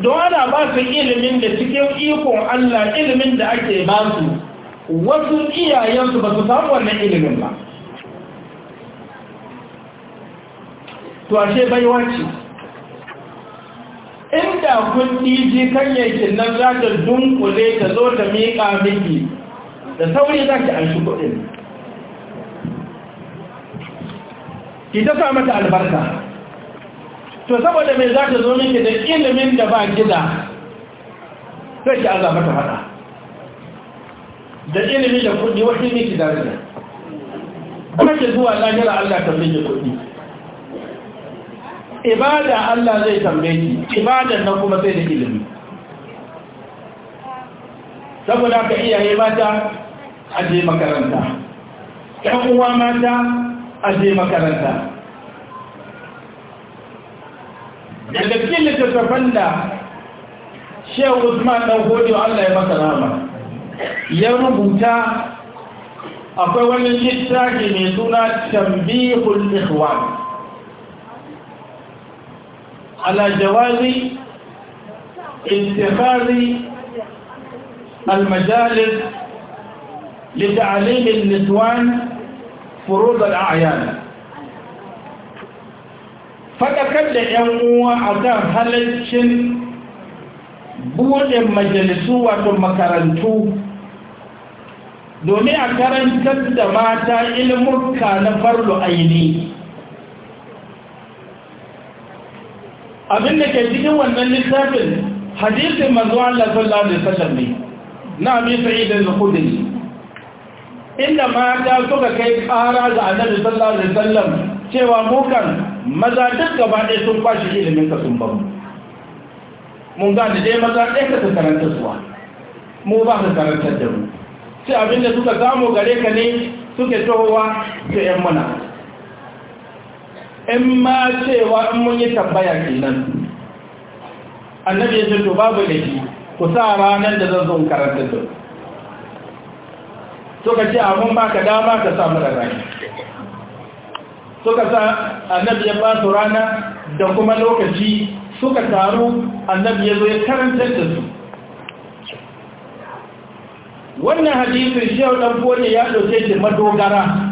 don ana ba su ilimin da cikin ikon Allah ilimin da ake ba su wasu iyayensu ba su samu wannan ilimin ba to ashe baiwa ce inda kun ɗiji ke nan za ta dunkule ta zo ta miƙa miki da sauri za ki an kuɗin ki ta sa mata albarka to saboda mai za ta zo miki da ilimin da ba gida sai ki Allah mata faɗa da ilimin da kuɗi wasu miki da rina kuma ke zuwa lahira Allah ta fi kuɗi ibada Allah zai tambaye ki ibadan nan kuma sai da ilimi saboda ka iyaye mata a je makaranta ƴan uwa mata a je makaranta daga cikin littattafan da shehu usman dan gode Allah ya masa rahama ya rubuta akwai wani littafi mai suna tambihul ikhwan على جواز اتخاذ المجالس لتعليم النسوان فروض الأعيان فتكد يموى عدا هلتش بود مجلسو وطم كرنتو دوني أكرن كد ماتا إلمك نفرل أيني abin da ke cikin wannan littafin hadisin manzo Allah sallallahu alaihi wasallam ne na Abi Sa'id al-Khudri inda ma ta suka kai ƙara ga Annabi sallallahu alaihi wasallam cewa mu kan maza duk gaba ɗaya sun kwashi ilimin ka sun bamu mun ga da dai maza ɗaya ka karanta suwa mu ba ka karanta da mu sai abin da suka samu gare ka ne suke tohowa su yan mana. in ma cewa in mun yi tambaya kenan annabi ya ce to babu da shi ku sa ranar da zan zo karanta da suka ce mun baka dama ka samu da rani suka sa annabi ya ba su rana da kuma lokaci suka taru annabi ya zo ya karanta da su wannan hadisin shi yau ɗan ya ɗauke shi madogara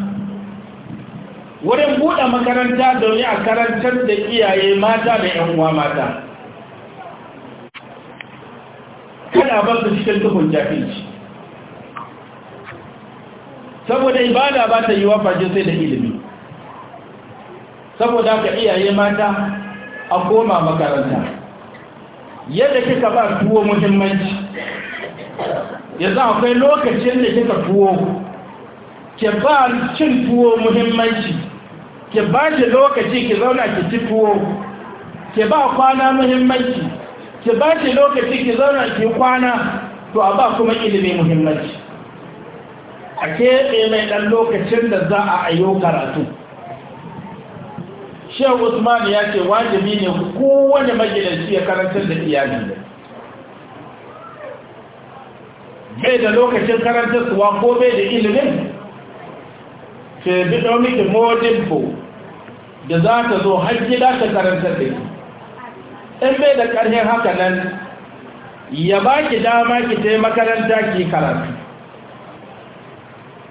wurin buɗe makaranta domin a karantar da iyaye mata da ‘yan uwa mata kada ba su cikin tukun jahilci saboda ibada ba ta yi wa fajin sai da ilimi saboda ka iyaye mata a koma makaranta yadda kika ba tuwo muhimmanci yanzu akwai lokacin da kika tuwo ke ba cin tuwo muhimmanci ki ba shi lokaci ki zauna ki ci tuwo ki ba kwana muhimmanci ki ba shi lokaci ki zauna ki kwana to a ba kuma ilimin muhimmanci a keɓe mai ɗan lokacin da za a ayo karatu shehu usman ya ce wajibi ne kowane magidanci ya karantar da iyali bai da lokacin karantar suwa ko bai da ilimin ta bi modin modinfo da za ta zo hajji da ta karanta da ki in bai da ƙarfin haka nan ya ba ki dama ki ta makaranta ki karatu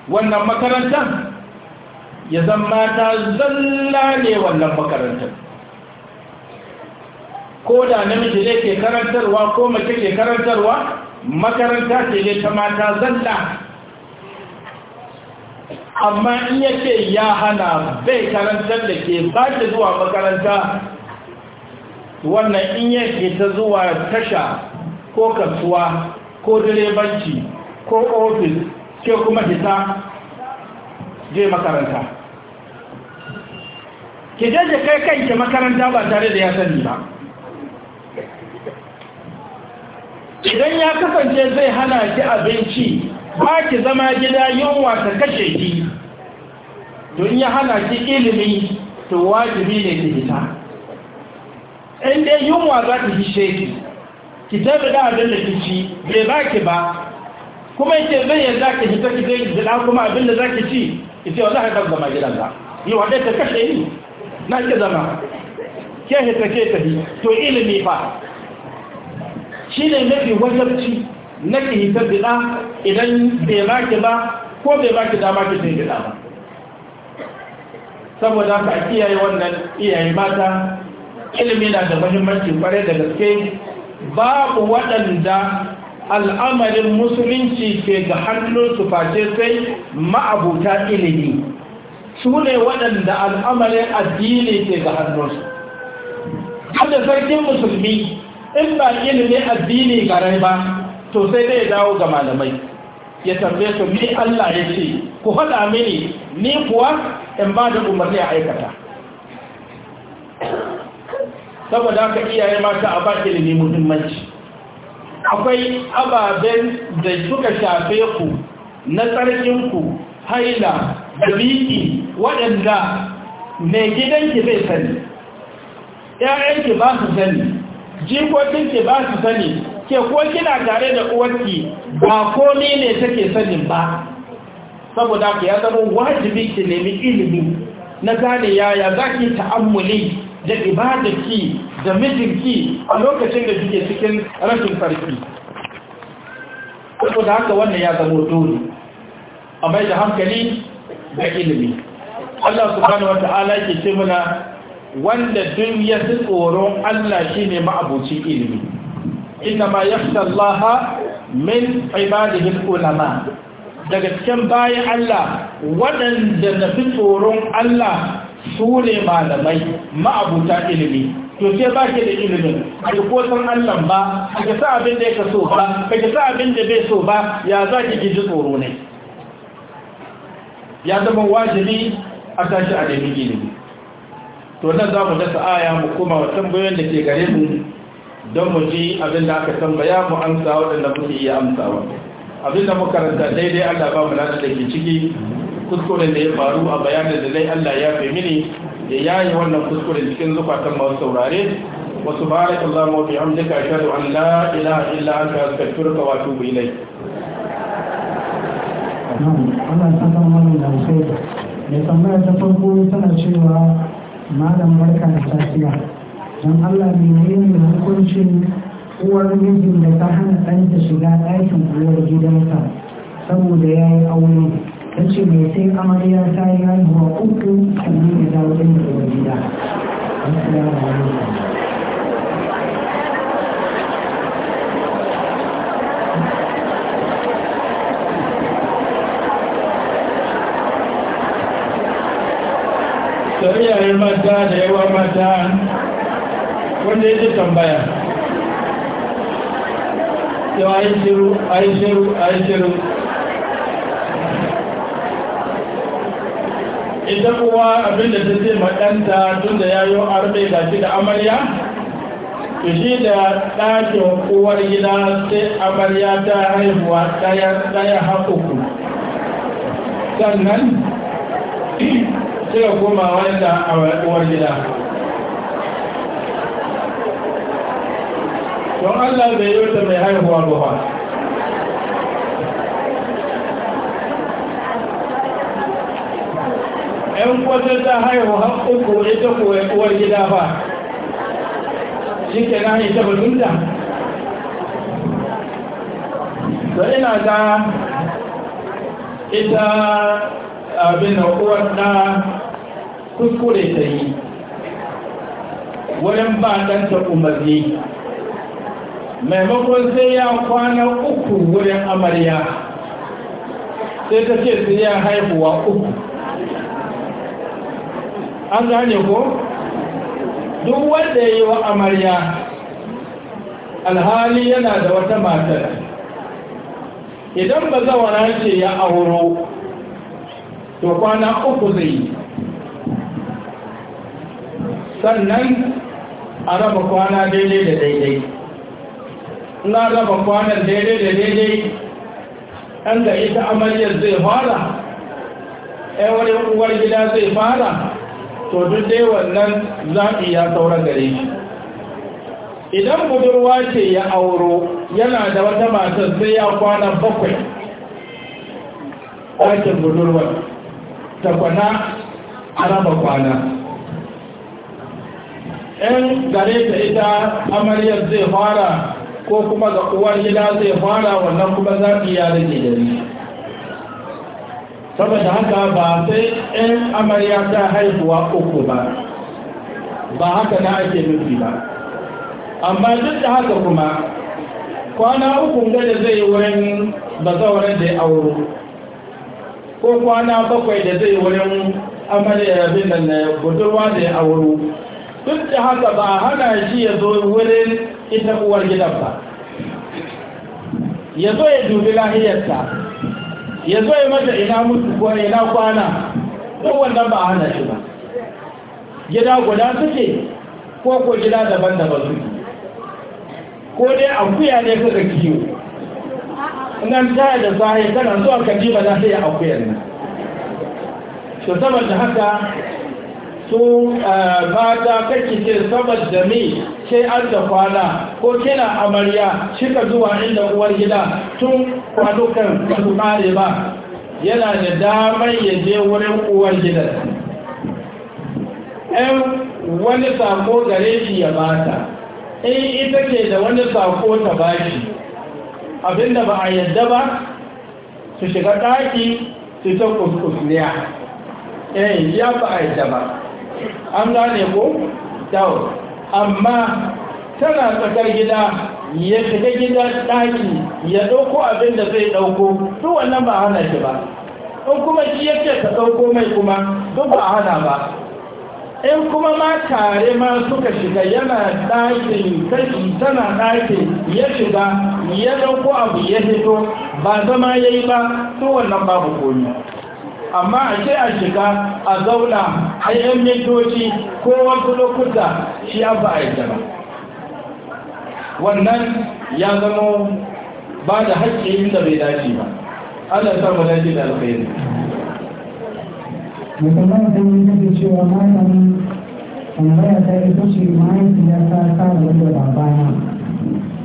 wannan makarantar ya zama ta zalla ne wannan makarantar ko da namiji ne ke karantarwa ko mace ke karantarwa makaranta ce ne ta mata zalla amma in yake ya hana bai karantar da ke ba ta zuwa makaranta wannan in yake ta zuwa tasha ko kasuwa ko direbanci ko ofis ke kuma hita je makaranta ki jaje kai kanki makaranta ba tare da ya sani ba idan ya kasance zai hana ki abinci ba ki zama gida yunwa ta kashe ki don ya hana ki ilimi to wajibi ne ki fita in dai yunwa za ta hishe ki ki tabi da abin da kici bai ba ki ba kuma yake zai yanzu za ki fita ki zai gida kuma abin da za ki ci ki ce za ka zama gidan za. yi wa ɗaya ta kashe ni na ki zama ke hita ke tafi to ilimi fa shi ne mafi wajarci na ki hitar gida idan bai baki ba ko bai baki dama ki sai gida ba saboda ka kiyaye wannan iyaye mata ilimi na da mahimmanci kwarai da gaske babu waɗanda al'amarin musulunci ke ga su face sai ma'abuta ilimi su ne waɗanda al'amarin addini ke ga su. hada sarkin musulmi in ba ilimin addini rai ba to sai dai dawo ga malamai ya tambaye su ni Allah ya ce ku hada mini ni kuwa in ba da umarni a aikata saboda haka iyaye mata a ba ilimi muhimmanci akwai ababen da suka shafe ku na tsarkin ku haila da biki waɗanda mai gidanki zai sani Ƴaƴanki ba su sani jikokinki ba su sani ke ko kina tare da uwarki ba ko ne take sanin ba saboda ku ya zama wajibi ki nemi ilimi na gane yaya za ki ta'ammuli da ibadarki da mijinki a lokacin da kike cikin rashin farki saboda haka wannan ya zama dole a mai da hankali da ilimi Allah subhanahu wata'ala ke ce mana wanda duk su tsoron Allah shine ma'abucin ilimi إنما يخشى الله من عباده العلماء daga cikin bayan Allah waɗanda na fi tsoron Allah su ne malamai ma'abuta ilimi to sai ba ke da ilimin a yi kosan Allah ba a ka sa abin da ya so ba ka sa abin da bai so ba ya za ki ji tsoro ne ya zama wajibi a tashi a ilimi to nan za mu dasa aya mu komawa wa tambayoyin da ke gare mu don mu ji abin da aka tambaya mu amsa waɗanda muke iya amsawa abin da makaranta daidai Allah ba mu da ke ciki kuskuren da ya faru a bayanin da dai Allah ya fi mini da ya yi wannan kuskuren cikin zukatan masu saurare wasu wa subhanakallahu wa bihamdika ashhadu an la ilaha illa anta astaghfiruka wa atubu ilayk Allah ya san mana da sai da tambaya ta farko tana cewa malam barka da safiya don Allah da hukuncin uwar mijin da ta hana ɗanta shiga ɗakin uwar gidansa saboda ya yi aure ta ce mai sai amarya ta yi haihuwa uku a ya da ɗin da uwar gida da iyayen mata da yawa mata wanda yake tambaya yau a yi shiru a yi shiru a yi shiru ita kuwa abinda ta ce maɗanta tun da ya yi arbe da shi da amarya to shi da ɗakin uwargida gida sai amarya ta haihuwa ɗaya ɗaya haƙuku sannan suka koma wanda a uwar gida don Allah bai yi wata mai haihuwa ba ‘yan wata ta haihu har ita koya uwar gida ba shi ke na ba dunda da ina ta ita abin da uwar na kuskure ta yi wurin ba ɗanta umarni maimakon sai ya kwana uku wurin amarya sai ta ce sai ya haihuwa uku an gane ko duk wanda ya yi wa amarya alhali yana da wata matar idan ba zawana ce ya auro to kwana uku zai yi sannan a raba kwana daidai da daidai na raba kwanan daidai da daidai ɗan da ita amaryar zai fara ɗan uwar gida zai fara to duk dai wannan zaɓi ya saura gare shi idan budurwa ce ya auro yana da wata matar sai ya kwana bakwai ɗakin budurwar ta kwana a raba kwana ‘yan gare ta ita amaryar zai fara ko kuma ga uwar gida zai fara wannan kuma zaɓi ya rage da ni saboda haka ba sai ɗan amarya ta haihuwa uku ba ba haka na ake nufi ba amma duk da haka kuma kwana uku gada zai wurin bazawarar da ya auro ko kwana bakwai da zai wurin amarya bin nan budurwa da ya auro duk da haka ba hana shi ya zo wurin ita uwar gidan ba ya zo ya dubi lahiyarta ya zo ya mata ina mutu ko ina kwana duk ba a hana shi ba gida guda suke ko ko gida daban-daban suke ko dai akuya ne suka kiyo nan taya da zahe tana zuwa kadima za ta yi akuyar nan to saboda haka su eh, mata kake ce da mai sai an da kwana ko kina amarya shika zuwa inda uwar gida tun kwanukan ba su kare ba yana da damar ya je wurin uwar gida ɗan wani sako gare shi ya bata in eh, ita ke da wani sako ta bashi abinda ba a yadda ba su shiga ɗaki su ta kuskusniya ɗan eh, ya ba a yadda ba an gane ko dawo amma tana tsakar gida ya shiga gida ɗaki ya ɗauko abin da zai ɗauko duk wannan ba hana shi ba in kuma shi yake ka ɗauko mai kuma duk ba hana ba in kuma ma tare ma suka shiga yana ɗakin kashi tana ɗakin ya shiga ya ɗauko abu ya hito, ba zama ya yi ba duk wannan babu komi amma a ce a shiga a zauna a yan mintoci ko wasu lokuta shi ya ba a yi ba wannan ya zama ba da haƙƙi inda bai dace ba Allah ya samu dace da alkhairi da kuma da yi nufin cewa malamin tambaya ta ita ce mahaifiyata ta rabu da babana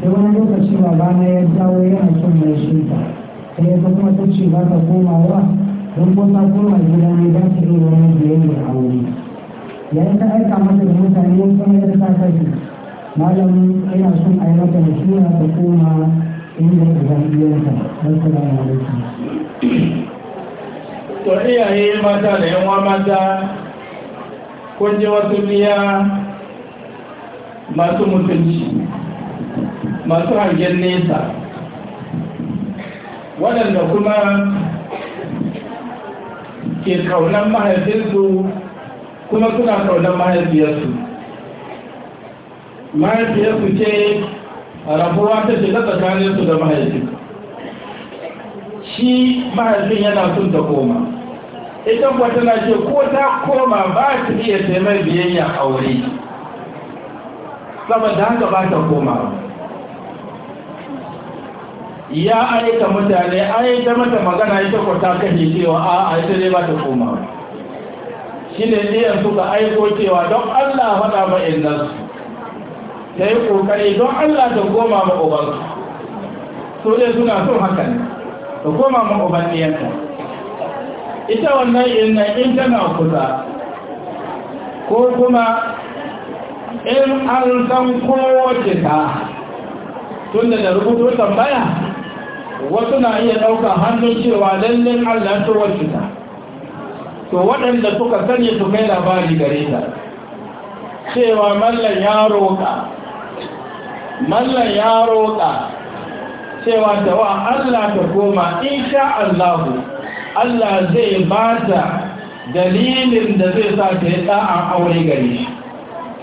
da wani lokaci babana ya dawo yana son mai shi ta ya kuma ta ce ba ta wa? don ko ta koma gida ne za ta iya wani biyayyar aure yayin ta aika mata da mutane kuma ya ta kashi malam ina son a yi mata nasiha ta koma inda ta zaɓi ta don ta da alaikum. to iyaye mata da yan mata kun ji wasu biya masu mutunci masu hangen nesa waɗanda kuma ke kaunan mahaifinsu kuma suna kaunan mahaifiyarsu mahaifiyarsu ce rabuwa ta shiga tsakaninsu da mahaifin shi mahaifin yana sun ta koma ita kuwa tana ce ko ta koma ba ta iya taimar biyayya aure saboda haka ba ta koma ya aika mutane ai ta mata magana ita ko ta kashe cewa a a ita dai ba ta koma shi ne ɗiyan suka aiko cewa don Allah faɗa ma in su ta yi ƙoƙari don Allah ta koma ma ubansu su dai suna son ne, ta koma ma uban yanka. ita wannan na, in tana kusa ko kuma in an san kowace ta tun da rubutu tambaya wasu na iya ɗauka hannun cewa lallin Allah ta ta, to waɗanda suka sanya su kai labari gare ta cewa mallan ya roƙa mallan ya roƙa cewa da wa Allah ta koma sha Allah Allah zai ba ta dalilin da zai sa ta yi ɗa'an aure gare shi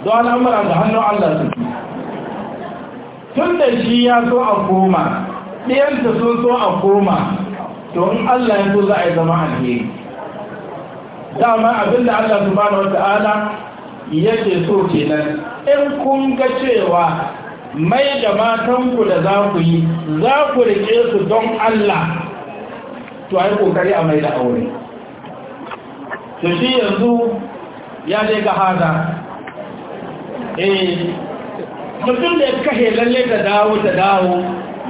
don al'amura da hannun Allah su tun da shi ya so a koma da sun so a koma to in Allah ya so za a yi zama alheri dama abinda Allah wasu ala yake so kenan in kun ga cewa mai da matanku da za ku yi za ku riƙe su don Allah to ai kokari a mai da aure to shi yanzu ya dai ga haza eh mutum da ya kashe lalle ta dawo ta dawo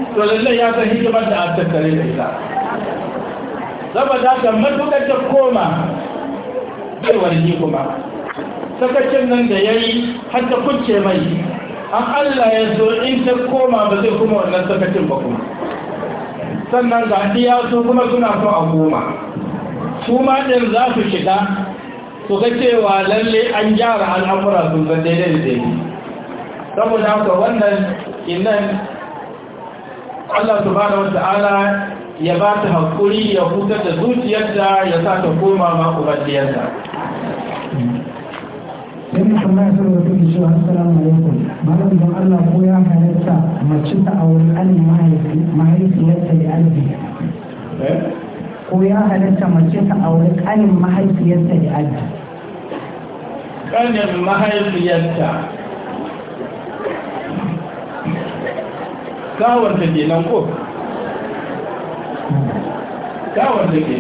to ya san hidimar da an tattare da ita saboda ta matukar ta koma bai ni kuma sakacin nan da ya yi har ta kunce mai an allah ya zo in ta koma ba zai kuma wannan sakacin ba kuma sannan ga iya su kuma suna so a goma su ma ɗin za su shiga su ga cewa lalle an gyara al'amura sun san daidai da daidai saboda haka wannan innan. Allah subhanahu wata'ala ya ba ta haƙuri ya hutar da zuciyarta ya sa ta koma ma ubangiyarta sai mu kuma ya saboda kuke cewa assalamu alaikum malam don Allah ko ya halatta mace ta auri alin mahaifiyarta da albi eh? ko ya halatta mace ta auri alin mahaifiyarta da albi kanin mahaifiyarta kawar da ke nan ko kawar da ke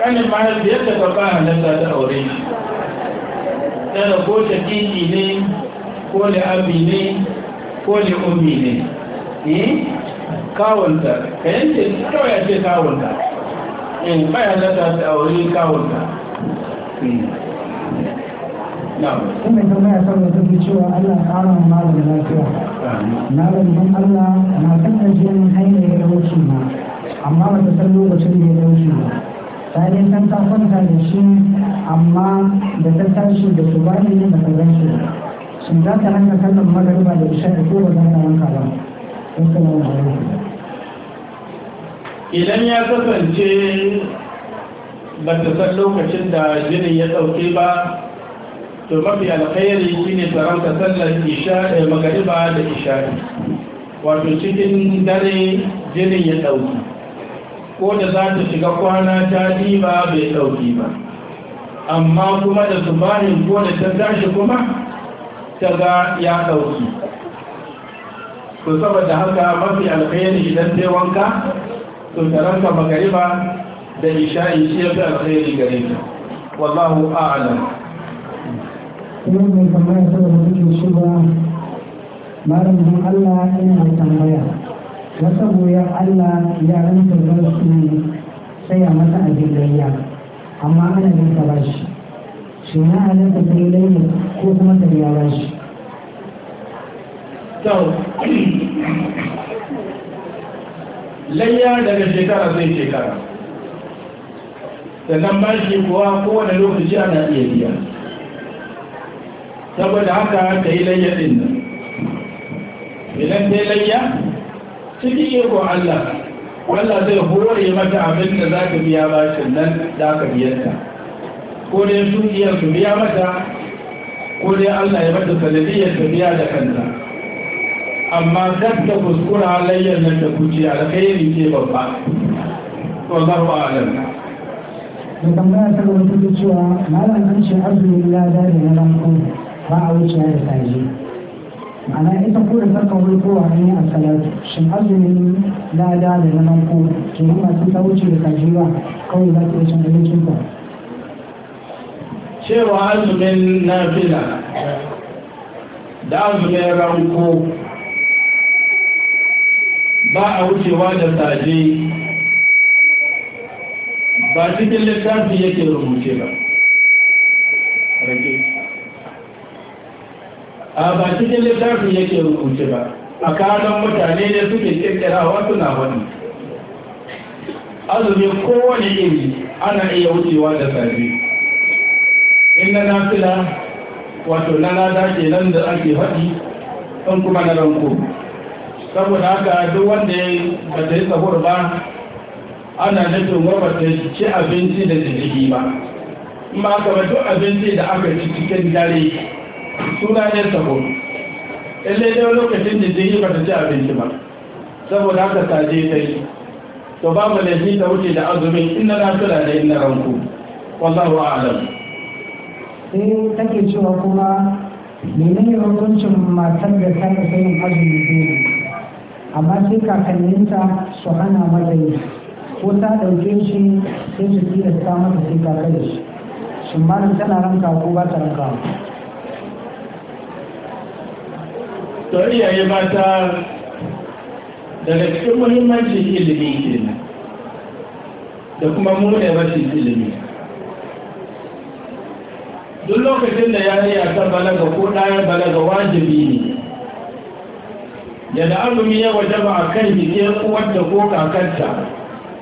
kanin mahaifiyar da ta ba halatta ta aure shi tana ko ta kiki ne ko da abi ne ko da umi ne eh? kawanta ka yanke kawai a ce kawanta in eh, bai halatta ta aure kawanta hmm. kuma ita ya son da tafi cewa Allah ƙara malam lafiya na rarrabin Allah na kasance min hanyar ya dauki ma amma ba ta san lokacin da ya dauki ba ta ne san ta kwanta da shi amma da ta tashi da su bani ne da ta shi sun za ta ranka kallon magariba da isha da ko ba za ta ranka ba idan ya kasance ba ta san lokacin da jinin ya dauke ba to mafi alkhairi shine sarauta sallar isha'i eh, magariba da isha'i wato cikin dare jinin ya ɗauki? ko da za ta shiga kwana ta ba bai ɗauki ba amma kuma da su ko kone ta tashi kuma ta ga ya dauki ko saboda haka mafi alkhairi idan sai wanka to sarauta magariba da isha'i shi ya fi alkhairi gare ta wallahu a'lam yau mai tambaya saboda da mutum shiga malam don Allah yana da tambaya wasu goyon Allah yaran tabar su sai a mata a jirgayya amma ana yin ta bashi shi na halatta ta yi laifin ko kuma ta biya bashi. layya daga shekara zai shekara sannan bashi kuwa kowane lokaci ana iya biya saboda haka ta yi layya ɗin nan idan ta yi layya cikin iko Allah wallah zai hore mata abin da za ka biya bashin nan da ka biyarta ko dai su iya su biya mata ko dai Allah ya mata sanadiyyar ta biya da kanta amma kan ta kuskura layyar nan da kuci alkhairi ce babba to Allah ba alam da tambaya ta gaba da cewa malam an ce arzikin ya da na ranko ba a wuce da saje ma'ana ita ko da farkon wurkowa ne a salat shin azumin lada da zaman ko ke yi masu ta wuce da saje ba kawai za ta wuce da yankin ba cewa azumin nafila da azumin ranko ba a wucewa da saje ba cikin littafi yake rubuce ba rake a ba cikin littafin yake rubuce ba a kanan mutane ne suke wasu suna wani azumi kowane iri ana iya wucewa da safe in na nafila wato na lada ke nan da ake faɗi ɗan kuma na ranko saboda haka duk wanda ya ba ta yi sahur ba ana nufin wa ta ci abinci da jiki ba ma ka duk abinci da aka ci cikin dare suna ne sabo dai lokacin da jiki ba ta ci abinci ba saboda haka ta je ta yi to babu laifin da wuce da azumin inda na tura da inna ranku wallahu a'lam sai eh, take cewa kuma menene hukuncin matar da ta rasa sanin azumi ne, amma sai kakanninta su hana mata ko ta ɗauke shi sai su tilasta mata sai kakar shi shin ma tana ranka ko ba ta ranka to iyaye mata daga cikin muhimmancin ilimi kenan da kuma mune rashin ilimi duk lokacin da iya ta balaga ko ɗaya balaga wajibi ne yadda azumi ya waje ba a kan hike wadda ko kakanta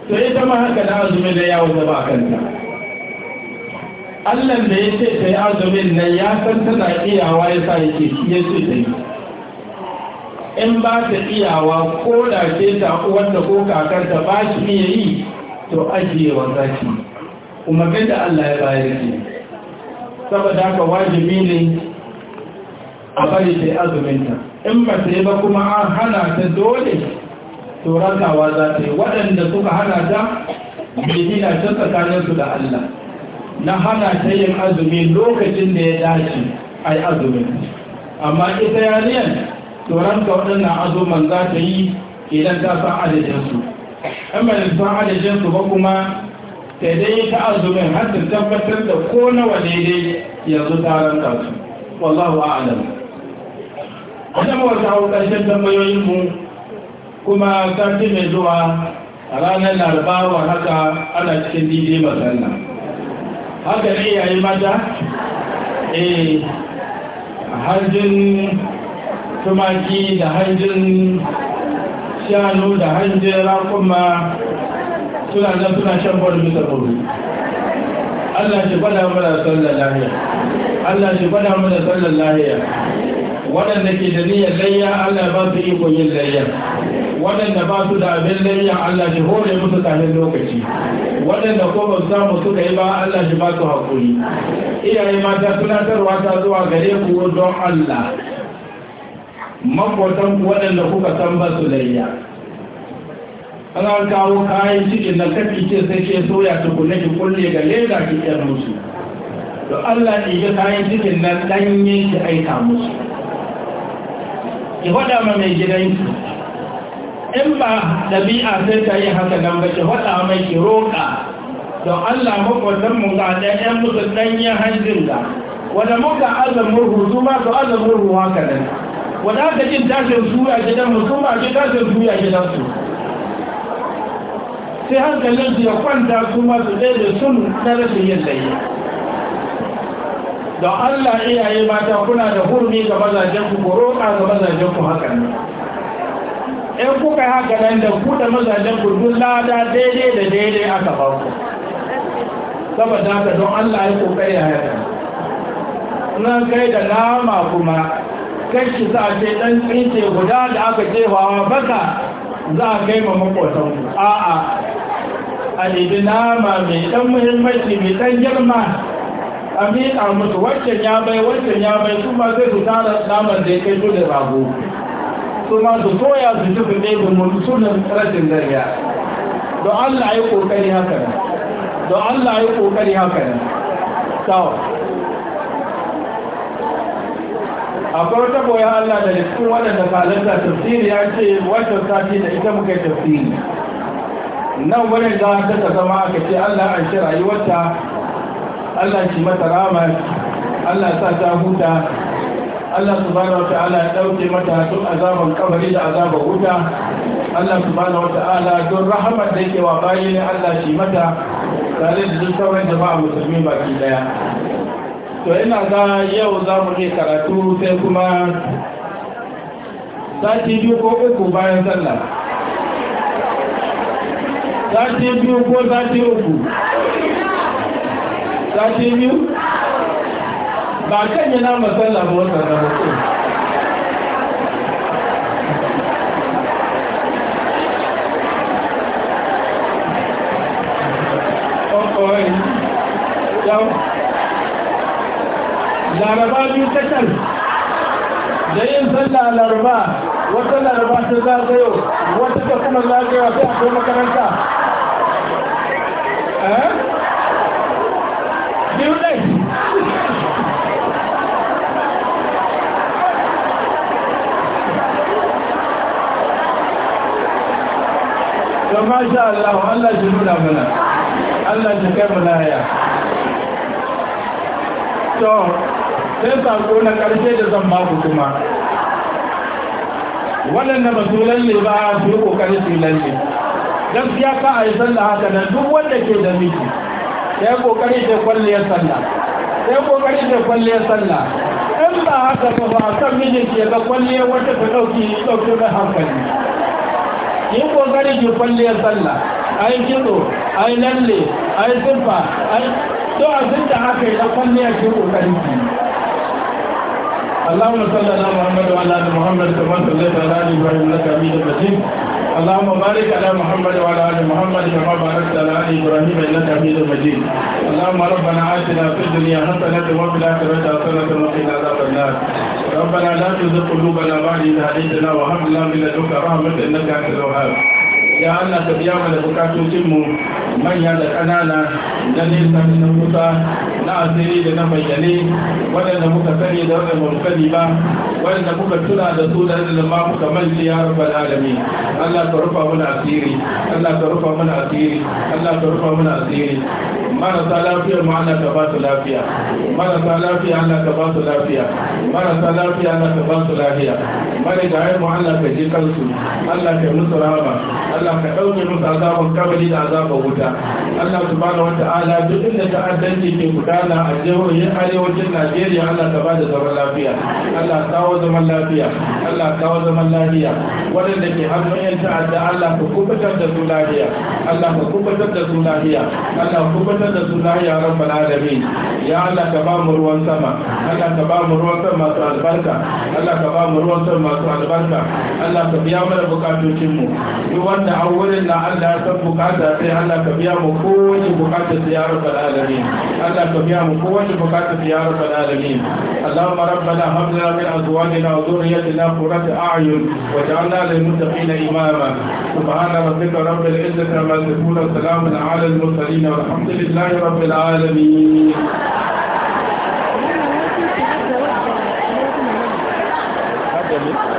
to ita ma haka da azumi da ya waje ba a kanta allan da ya ce ta yi azumin nan ya san tana iyawa ya sa yake ya ce ta yi in ba ta iyawa ko da ce ta wanda ko kakarta ba shi iya yi to ajiye wa zaki kuma bai da Allah ya bayar ki saboda ka wajibi ne a bari ta azuminta in ba ta yi ba kuma an hana ta dole to rankawa za ta yi waɗanda suka hana ta bidina ta tsakaninsu da Allah na hana ta yin azumi lokacin da ya dace a yi azumin amma ita yaniyar to waɗannan azuman za ta yi idan ta san adadinsu amma ba da san adadinsu ba kuma ta ta azumin har ta tabbatar da ko nawa daidai yanzu ta ran su wallahu a'lam wannan ba wata hau ƙarshen tambayoyinmu kuma sati mai zuwa a ranar larabawa haka ana cikin dide masallah haka ne yayi mata eh harjin tumaki da hanjin shanu da hanjin rakuma suna nan suna shan bar bisa bari Allah shi fada mana sallar lahiya Allah shi fada mana sallar lahiya waɗanda ke da niyyar layya Allah ba su iko yin layya waɗanda ba su da abin layya Allah shi hore musu kafin lokaci waɗanda ko ba su samu suka yi ba Allah shi ba su haƙuri iyaye mata tunatarwa ta zuwa gare ku don Allah makwatan waɗanda kuka san ba su layya ana kawo kayan cikin na kafi ce sai ke soya tukuna ki kulle ga leda ki iya musu to Allah ne ga kayan cikin na ɗanye ki aika musu ki faɗa ma mai ki in ba ɗabi'a sai ta yi haka nan ba ki faɗa mai ki roƙa to Allah makwatan mu ga ɗan ɗan musu ɗanyen hanjin ga wanda muka azamin hutu ba su azamin ruwa haka nan wadanda jin tashin zuwa gidan mutum ba ji tashin zuwa su sai hankalin su ya kwanta kuma su daidai sun na rashin yin laye don allah iyaye mata kuna da hurmi ga mazajen ku roƙa ga mazajen ku haka ne in kuka haka nan da ku da mazajen ku duk lada daidai da daidai aka ba ku saboda haka don allah ya kokari haka na kai da nama kuma kai shi za a ce ɗan tsince guda da aka wa baka za a kai ma makotan a'a a ɗiɗi nama mai ɗan muhimmanci mai ɗan girma a miƙa musu wancan ya bai wancan ya bai su ma zai su tara naman da ya kai su da rago su ma su soya su ji su ɗaya mun sunan rashin dariya don Allah ya yi ƙoƙari haka don Allah ya yi ƙoƙari haka ne. akwai wata boya Allah da cikin waɗanda kalanta tafsiri ya ce wata sati da ita muka tafsiri nan wani za ta ta zama aka ce Allah an shi rayuwarta Allah shi mata ramar Allah sa ta huta Allah su subhanahu wata'ala ya ɗauke mata duk azaban kabari da azaban huta Allah su subhanahu wata'ala don rahamar da yake wa bayi ne Allah shi mata tare da duk sauran jama'a musulmi baki daya to ina ga yau za mu je karatu sai kuma sati biyu ko uku bayan sallah sati biyu ko sati uku sati biyu ba kan yana masalla ba wata na mutum laraba biyu takal da yin sallah laraba wata laraba ta zagayo wata ta kuma zagayo sai akwai makaranta biyu ne da masha Allah Allah shi nuna mana Allah shi kai mana haya to sai sako na ƙarshe da zan maku kuma waɗanda ba su lalle ba su yi ƙoƙarin su lalle gaskiya ka a yi sallah haka nan duk wanda ke da miki sai ƙoƙari kwalle kwalliyar sallah sai ƙoƙari kwalle kwalliyar sallah in ba haka ba ba kan miji ke ga kwalliyar wata ta ɗauki ɗauki na hankali yi ƙoƙari kwalle kwalliyar sallah ai a ai lalle ai siffa ai to a sun da haka yi na kwalliyar ke ƙoƙari ki اللهم صل على محمد وعلى ال محمد كما صليت على ال ابراهيم انك حميد مجيد اللهم بارك على محمد وعلى ال محمد كما باركت على ال ابراهيم انك حميد مجيد اللهم ربنا اتنا في الدنيا حسنه وفي الاخره حسنه وقنا عذاب النار ربنا لا تزغ قلوبنا بعد اذ هديتنا وهب لنا من لدنك رحمه انك انت الوهاب ya Allah ka biya mana bukatocinmu manya da ƙanana na nesa na kusa na asiri da na bayyane waɗanda muka sani da waɗanda muka sani ba waɗanda muka tuna da su da waɗanda ma muka mance ya rabbal alamin Allah ka rufa mana asiri Allah ka rufa mana asiri Allah ka rufa mana asiri marasa lafiya ma Allah ka ba su lafiya marasa lafiya Allah ka ba su lafiya marasa lafiya Allah ka ba su lafiya mare da mu Allah ka je kansu Allah ka nusura rahama Allah ka ɗauke musu azabar kabari da azabar wuta Allah wata "Ala" duk inda ta'addanci ke gudana a jihohin arewacin Najeriya Allah ta bada zaman lafiya Allah kawo zaman lafiya Allah kawo zaman lafiya waɗanda ke hannun yan ta'adda Allah ka kubatar da su lafiya Allah ka kubatar da su lafiya Allah ka kubatar da su lafiya rabbal alamin ya Allah ka ba mu ruwan sama Allah ka ba mu ruwan sama masu albarka Allah ka ba mu ruwan sama masu albarka Allah ka biya mana bukatocinmu mu duk wanda wannan a wurin na Allah ya san bukata sai Allah ka biya mu kowace bukata ta ya rabbal alamin Allah ka biya mu kowace bukata ta ya rabbal alamin Allahumma rabbana hab lana min azwajina wa dhurriyyatina qurrata a'yun waj'alna lil muttaqina imama subhana rabbika rabbil izzati amma yasifun wa salamun ala al mursalin walhamdulillahi rabbil alamin Gracias.